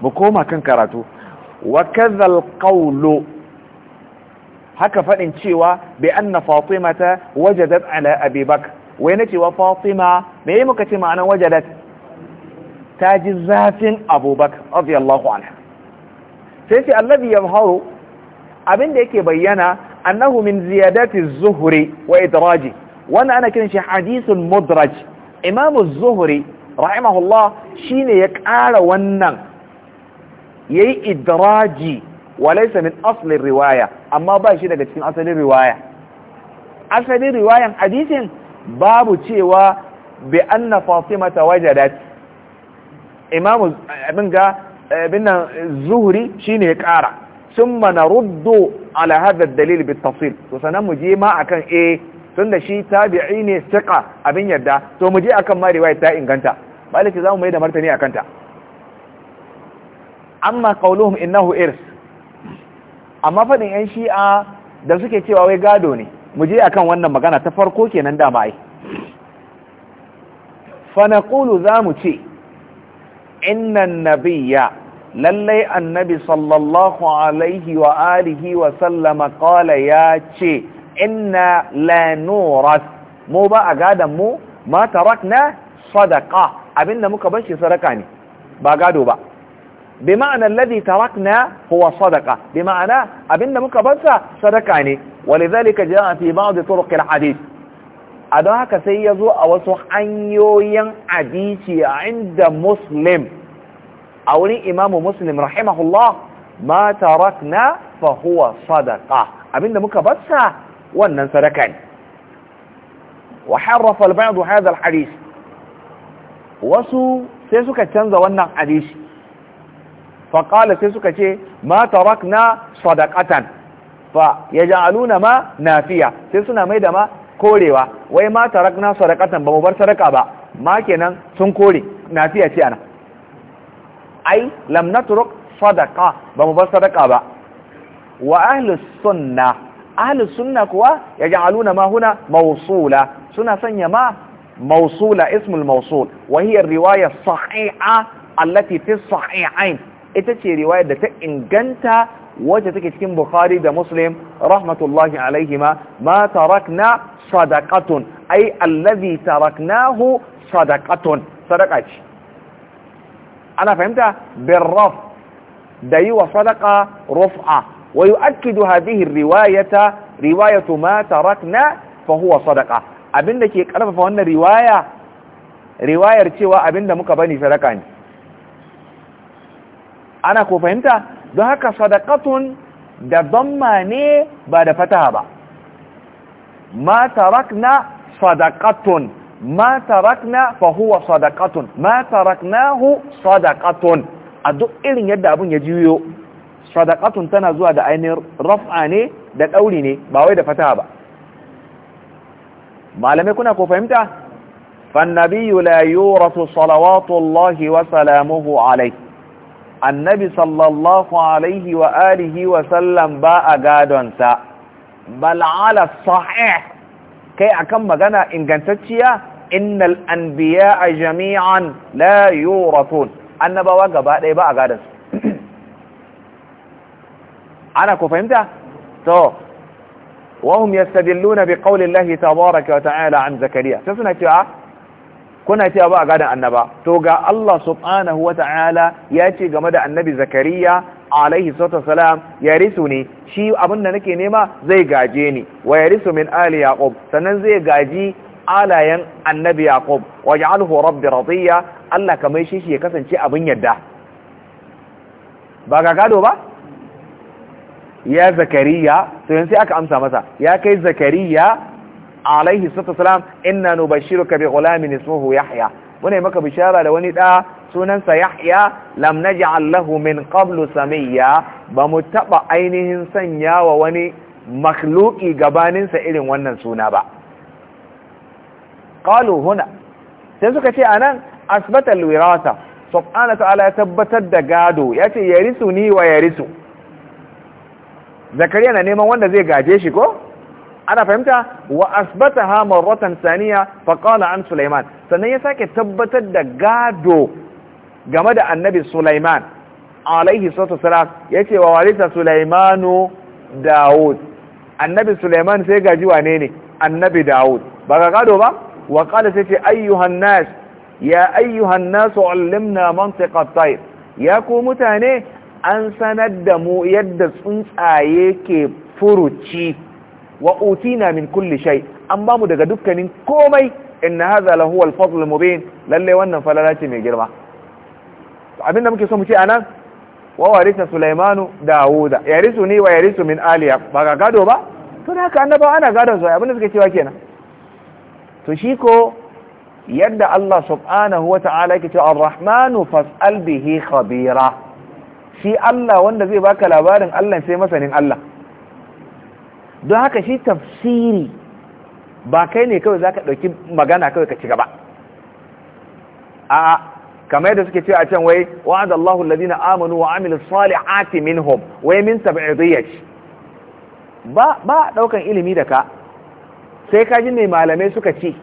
A: mu koma kan karatu wa kazal qawlu haka fadin cewa bi anna fatima ta wajadat ala abi wai na cewa fatima me muka ce ma'anar wajadat ta ji zafin abubakar radiyallahu anha sai ce allazi yamharu abin da yake bayyana annahu min ziyadati zuhri wa idraji wannan ana kiran shi hadithun mudraj imamu zuhri rahimahullah shine ya ƙara wannan yayi idraji walaysa min asli riwaya amma ba shi daga cikin asalin riwaya asalin riwayan hadisin babu cewa bi anna fatimata wajadat imamu abin ga abin nan zuhuri shine ya kara summa naruddu ala hadha dalil bit tafsil to sanan mu je ma akan eh tunda shi tabi'i ne suka abin yadda to mu je akan ma riwaya ta inganta malaki zamu mai da martani akan ta amma qauluhum innahu irs amma faɗin yan shi'a da suke cewa wai gado ne mu je akan wannan magana ta farko kenan dama ai fa naqulu zamu ce innan nabiyya lallai annabi sallallahu alaihi wa alihi wa sallama kala ya ce inna la nuras mu ba a gadan mu ma tarakna sadaka abinda muka bar sadaka ne ba gado ba bi ma'ana alladhi tarakna huwa sadaqa bi ma'ana abinda muka bar sadaka ne ولذلك جاء في بعض طرق الحديث a don haka sai ya zo a wasu hanyoyin hadisi a inda muslim a wurin imamu muslim rahimahullah ma tarakna fa huwa sadaqa abinda muka barsa wannan sadaka ne wa harrafa al-ba'd hadha al-hadith wasu sai suka canza wannan hadisi fa qala sai suka ce ma tarakna sadaqatan fa yaj'aluna ma nafiya sai suna mai da ma korewa wai ma tarakna sadaqatan ba mu bar sadaka ba ma kenan sun kore nafiya ce ana ai lam natruk sadaqa ba mu bar sadaka ba wa ahlus sunna ahlus sunna kuwa yaj'aluna ma huna mawsula suna sanya ma mawsula ismul mawsul wa hiya riwaya sahiha allati fi sahihain ita ce riwayar da ta inganta wacce take cikin bukhari da muslim rahmatullahi alaihima ma tarakna sadaqatun ai allazi taraknahu sadaqatun sadaqa ce ana fahimta birraf da yi wa sadaqa rufa wa yu'akkidu hadhihi riwayata riwayatu ma tarakna fa huwa sadaqa abinda ke karfafa wannan riwaya riwayar cewa abinda muka bani sadaqa ne ana ko fahimta don haka sadaqatun da damma ne ba da fataha ba ma tarakna sadaqatun ma tarakna fa huwa sadaqatun ma taraknahu sadaqatun a duk irin yadda abun ya jiyo sadaqatun tana zuwa da ainihin raf'a ne da dauri ne ba wai da fataha ba malamai kuna ko fahimta fannabiyyu la yurasu salawatullahi wa salamuhu alayhi annabi sallallahu alaihi wa alihi wa sallam ba a gadonsa بل على الصحيح كي أكم مغانا إن قنتتيا إن الأنبياء جميعا لا يورثون أنا بواقع بعد إيباء قادس أنا كو فهمت تو وهم يستدلون بقول الله تبارك وتعالى عن زكريا سيسنا تيا كنا تيا بواقع قادا أنبا توقع الله سبحانه وتعالى ياتي قمد النبي زكريا alaihi sota wasalam yarisu ne shi abin da nake nema zai gaje ni wa yarisu min ali yaqub sannan zai gaji alayen annabi yaqub waj'alhu rabbi radiya Allah kamar shi shi ya kasance abin yadda ba ga gado ba ya zakariya to yanzu aka amsa masa ya kai zakariya alaihi sallatu wasalam inna nubashshiruka bi ghulamin ismuhu yahya muna maka bishara da wani da sunansa yahya lam naj'al lahu min qablu samiyya ba mu taba ainihin sanya wa wani makhluki gabaninsa irin wannan suna ba qalu huna sai suka ce anan asbata alwirasa subhanahu ta'ala ya tabbatar da gado yace yarisu ni wa yarisu zakariya na neman wanda zai gaje shi ko ana fahimta wa asbataha marratan saniya fa an sulaiman sannan ya sake tabbatar da gado game da annabi Sulaiman alaihi salatu ya yace wa warisa Sulaimanu Dawud annabi Sulaiman sai gaji wane ne annabi Dawud ba ga gado ba wa qala sai ce ayyuhan nas ya ayyuhan nas allimna mantiqa tayr ya ku mutane an sanar da mu yadda tsuntsaye ke furuci wa utina min kulli shay an bamu daga dukkanin komai inna hadha lahu al-fadl mubin lalle wannan falala ce mai girma abinda muke so mu ce anan wa warisa sulaimanu dawuda yarisu ni wa yarisu min aliya ba ga gado ba to da haka annabawa ana gadon su abinda suke cewa kenan to shi ko yadda Allah subhanahu wa ta'ala yake cewa arrahmanu fas'al bihi khabira shi Allah wanda zai baka labarin Allah sai masanin Allah don haka shi tafsiri ba kai ne kawai zaka dauki magana kawai ka ci gaba a kamar yadda suke cewa a can wai wa'ada Allahu alladhina amanu wa amilus salihati minhum wai min tab'idiyat ba ba ɗaukan ilimi da ka sai ka ji mai malamai suka ci.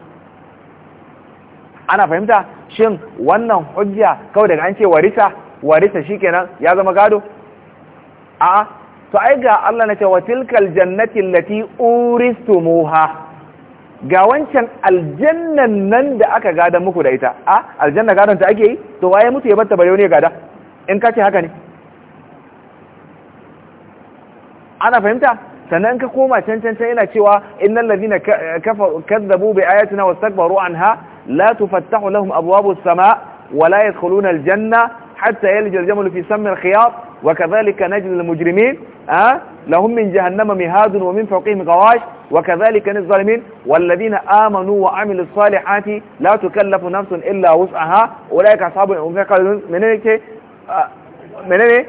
A: ana fahimta shin wannan hujja kawai daga an ce warisa warisa shikenan ya zama gado A'a to ai ga Allah na ce wa tilkal jannati allati uristumuha ga wancan aljannan nan da aka gada muku da ita a aljanna gadon ta ake yi to waye mutu ya batta bare wani gada in kace haka ne ana fahimta sannan ka koma can can can yana cewa innal ladina kazzabu bi ayatina wastakbaru anha la tuftahu lahum abwabu as-samaa wa la yadkhuluna al-janna hatta yalja al-jamal fi sammi al-khiyat wa kadhalika najzi almujrimin lahum min jahannama mihadun wa min fawqihim ghawash وكذلك الظالمين والذين آمنوا وعملوا الصالحات لا تكلف نفس إلا وسعها أولئك أصحاب المفقدون منين إيه؟ منين إيه؟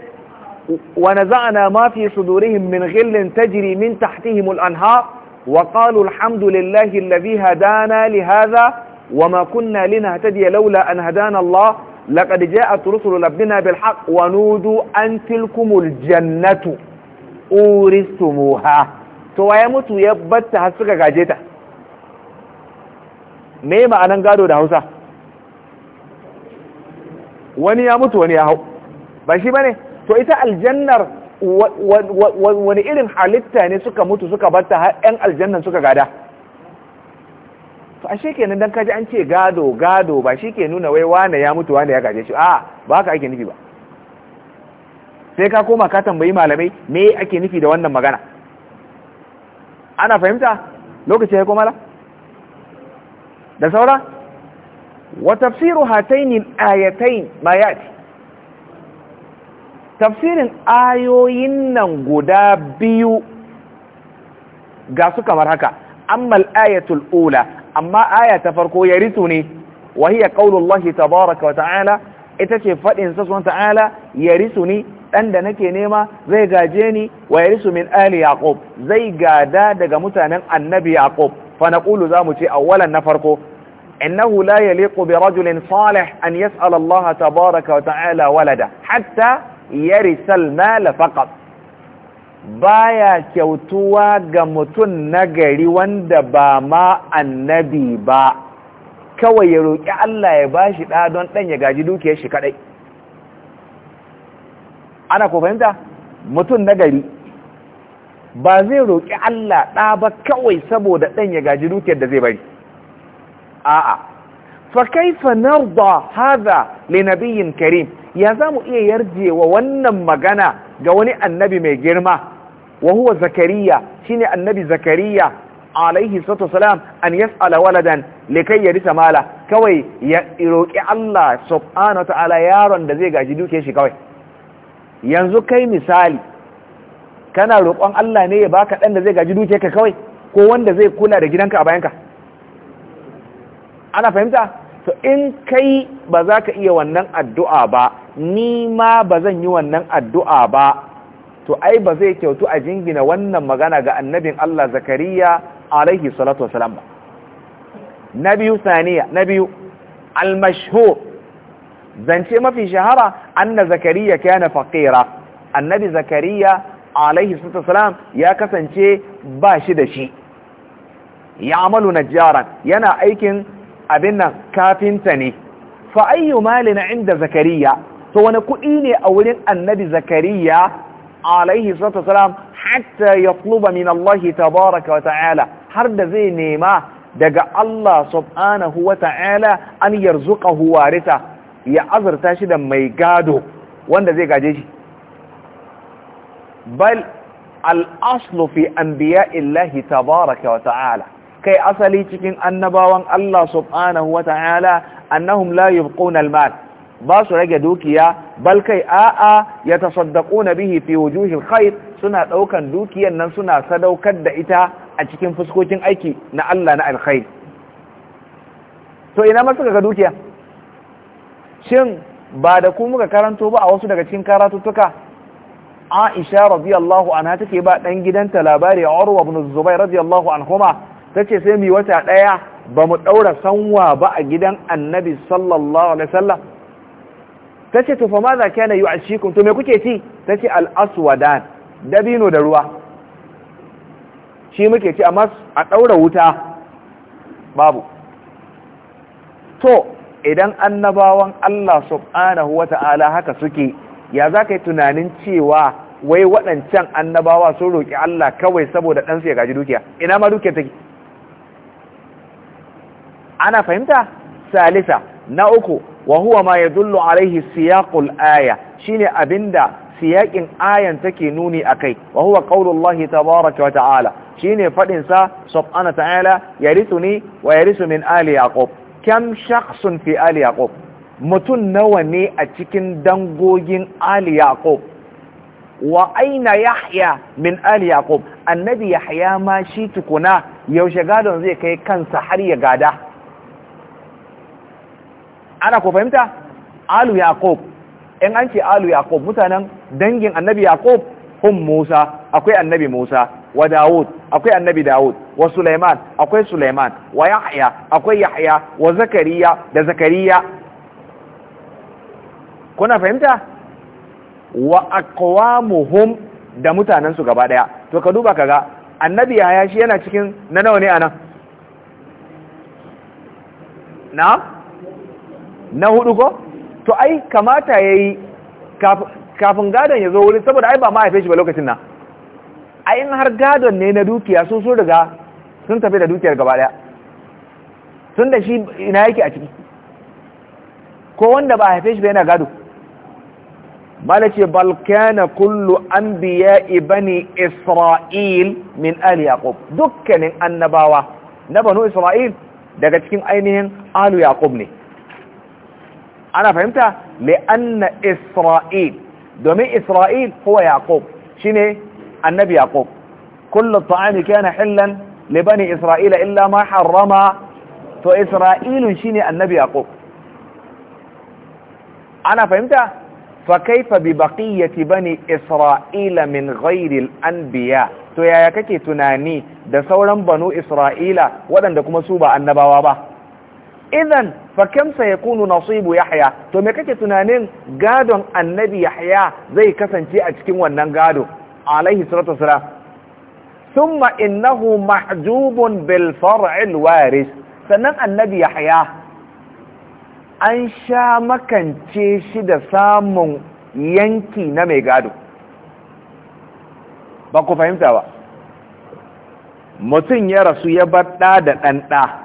A: ونزعنا ما في صدورهم من غل تجري من تحتهم الأنهار وقالوا الحمد لله الذي هدانا لهذا وما كنا لنهتدي لولا أن هدانا الله لقد جاءت رسل ربنا بالحق ونودوا أن تلكم الجنة أورثتموها to waye mutu ya batta har suka gaje ta me ma'anan gado da hausa wani ya mutu wani ya hau ba shi bane to ita aljannar wani irin halitta ne suka mutu suka batta har 'yan aljannan suka gada to ashe don dan kaji an ce gado gado ba shi ke nuna wai wane ya mutu wane ya gaje shi a ba haka ake nufi ba sai ka koma ka tambayi malamai me ake nufi da wannan magana ana fahimta lokaci ya komala da saura wa tafsiru hataini ayatain ma yati tafsirin ayoyin nan guda biyu ga su kamar haka ammal ayatul ula amma aya ta farko ya ritu ne wa hiya qaulullahi tabaaraka wa ta'ala ita ce fadin sa subhanahu wa ta'ala ya ritu ne ɗan da nake nema zai gaje ni wa yarisu min ali yaqub zai gada daga mutanen annabi yaqub fa naqulu zamu ce awwalan na farko innahu la yaliqu bi rajulin salih an yas'ala Allah tabaaraka wa ta'ala walada hatta yarisa al-mal faqat baya kyautuwa ga mutum nagari wanda ba ma annabi ba kawai ya roƙi Allah ya bashi ɗa don ɗan ya gaji dukiyar shi kaɗai ana ko fahimta mutum na gari ba zai roƙi Allah ɗa ba kawai saboda ɗan ya gaji dukiyar da zai bari a'a fa kaifa narda hadha li nabiyyin karim ya zamu iya yarjewa wannan magana ga wani annabi mai girma wa huwa zakariya shine annabi zakariya alaihi salatu wasalam an yas'ala waladan likai yarisa mala kawai ya roƙi Allah subhanahu wa ta'ala yaron da zai gaji dukiyar shi kawai yanzu kai misali kana roƙon Allah ne ya baka ɗan da zai gaji duke ka kawai ko wanda zai kula da gidanka a bayanka ana fahimta to in kai ba za ka iya wannan addu'a ba ni ma ba zan yi wannan addu'a ba to ai ba zai kyautu a jingina wannan magana ga annabin Allah zakariya alaihi salatu wasalam ba na biyu saniya na biyu almashhur زنتي ما في شهرة أن زكريا كان فقيرا النبي زكريا عليه الصلاة والسلام يا كسنتي باشدشي يعمل نجارا ينا أيكن أبنا كافن كافنتني فأي مال عند زكريا فونكويني أولين النبي زكريا عليه الصلاة والسلام حتى يطلب من الله تبارك وتعالى حرد زيني ما دق الله سبحانه وتعالى أن يرزقه وارثه ya azurta shi da mai gado wanda zai gaje shi bal al'aslu fi anbiya illahi tabaraka wa ta'ala kai asali cikin annabawan Allah subhanahu wa ta'ala annahum la yubquna al-mal ba su rage dukiya bal kai a'a yatasaddaquna bihi fi wujuhil khair suna daukan dukiyan nan suna sadaukar da ita a cikin fuskokin aiki na Allah na alkhair to ina ma suka ga dukiya shin ba da ku muka karanto ba a wasu daga cikin karatuttuka Aisha radiyallahu anha take ba ɗan gidanta labari Urwa ibn Zubair radiyallahu anhuma tace sai mi wata ɗaya ba mu ɗaura sanwa ba a gidan Annabi sallallahu alaihi wasallam tace to fa maza kana yu'ashikum to me kuke ci tace al-aswadan dabino da ruwa shi muke ci amma a ɗaura wuta babu to idan annabawan Allah subhanahu wata'ala haka suke ya za ka yi tunanin cewa wai waɗancan annabawa sun roƙi Allah kawai saboda ɗansu ya gaji dukiya ina ma dukiya take ana fahimta salisa na uku wa huwa ma yadullu alaihi siyaqul aya shine abinda siyaƙin ayan take nuni akai wa huwa qaulullahi tabaaraka wa ta'ala shine fadin sa subhanahu ya ta'ala ne wa yarithu min ali yaqub kyan shakhsun fi ali yaqub mutum nawa ne a cikin dangogin ali yaqub wa aina yahya min ali yaqub annabi yahya ma shi tukuna yaushe gadon zai kai kansa har ya gada ana ko fahimta alu yaqub in an ce alu yaqub mutanen dangin annabi yaqub hun Musa akwai annabi Musa wa Dawud akwai annabi Dawud wa Sulaiman akwai Sulaiman wa Yahya akwai Yahya wa Zakariya da Zakariya kuna fahimta wa muhum da mutanen gaba ɗaya. to ka duba kaga annabi Yahaya shi yana cikin na nawa ne anan na na hudu ko to ai kamata ya yayi kafin gadon ya zo wuri saboda ai ba ma haife shi ba lokacin nan ai in har gadon ne na dukiya sun so daga sun tafi da dukiyar gaba daya sun da shi ina yake a ciki ko wanda ba haife shi ba yana gado malace balkana kullu anbiya bani isra'il min ali yaqub dukkanin annabawa na banu isra'il daga cikin ainihin alu yaqub ne ana fahimta Anna isra'il domin Isra'il huwa Yaqub shine annabi Yaqub kullu ta'ami kana hillan li bani Isra'ila illa ma harrama to Isra'ilun shine annabi Yaqub ana fahimta fa kaifa bi baqiyati bani Isra'ila min ghairi al-anbiya to yaya kake tunani da sauran banu Isra'ila waɗanda kuma su ba annabawa ba idan fa ya kunu nasibu yahya to me kake tunanin gadon annabi yahya zai kasance a cikin wannan gado alaihi salatu wasalam thumma innahu mahjubun bil far'il waris sannan annabi yahya an sha makance shi da samun yanki na mai gado ba ku fahimta ba mutum ya rasu ya bar ɗa da ɗanɗa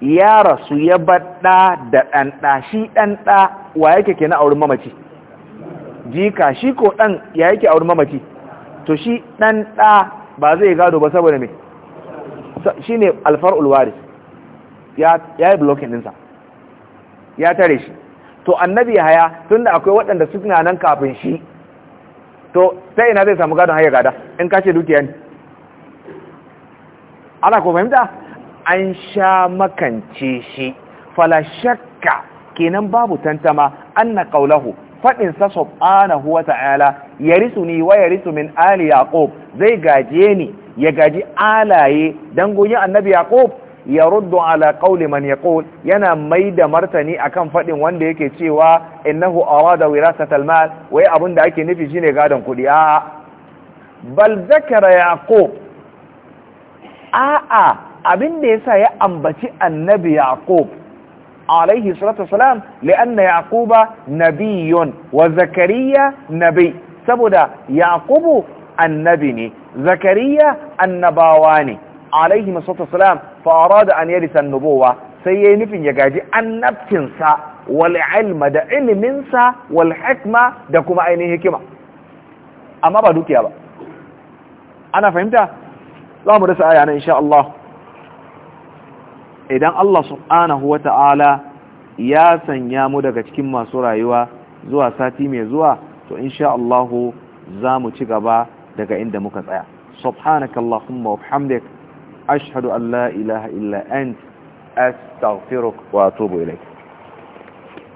A: ya rasu ya baɗa da ɗanɗa shi ɗanɗa wa yake ke na auren mamaci jika shi ko ɗan ya yake auren mamaci to shi ɗanɗa ba zai gado ba saboda mai shi ne alfar ulwaris ya yi blokin ɗinsa ya tare shi to annabi haya tun da akwai waɗanda suna nan kafin shi to sai ina zai samu gadon haya gada in kashe dukiya ne ana ko fahimta an sha makance shi fala shakka kenan babu tantama anna qawluhu fadin sa subhanahu wa ta'ala yarisuni wa yarisu min ali yaqub zai gaje ni ya gaji alaye dan goyin annabi yaqub ya ruddu ala qawli man yaqul yana mai da martani akan fadin wanda yake cewa innahu arada wirasatal almal wai da ake nufi shine gadon kudi a bal zakara yaqub a'a abin da yasa ya ambaci annabi yaqub alaihi salatu wasalam li'anna yaquba nabiyyun wa zakariya nabi saboda yaqubu annabi ne zakariya annabawa ne alaihi salatu wasalam fa arada an yarisa nubuwa sai yayi nufin ya gaji annabcinsa wal ilma da iliminsa wal hikma da kuma ainihin hikima amma ba dukiya ba ana fahimta za mu rasa aya nan insha Allah idan Allah subhanahu wa ta'ala ya sanya mu daga cikin masu rayuwa zuwa sati mai zuwa to insha Allah za mu ci gaba daga inda muka tsaya subhanaka allahumma wa bihamdik ashhadu an la ilaha illa ant astaghfiruka wa atubu ilayk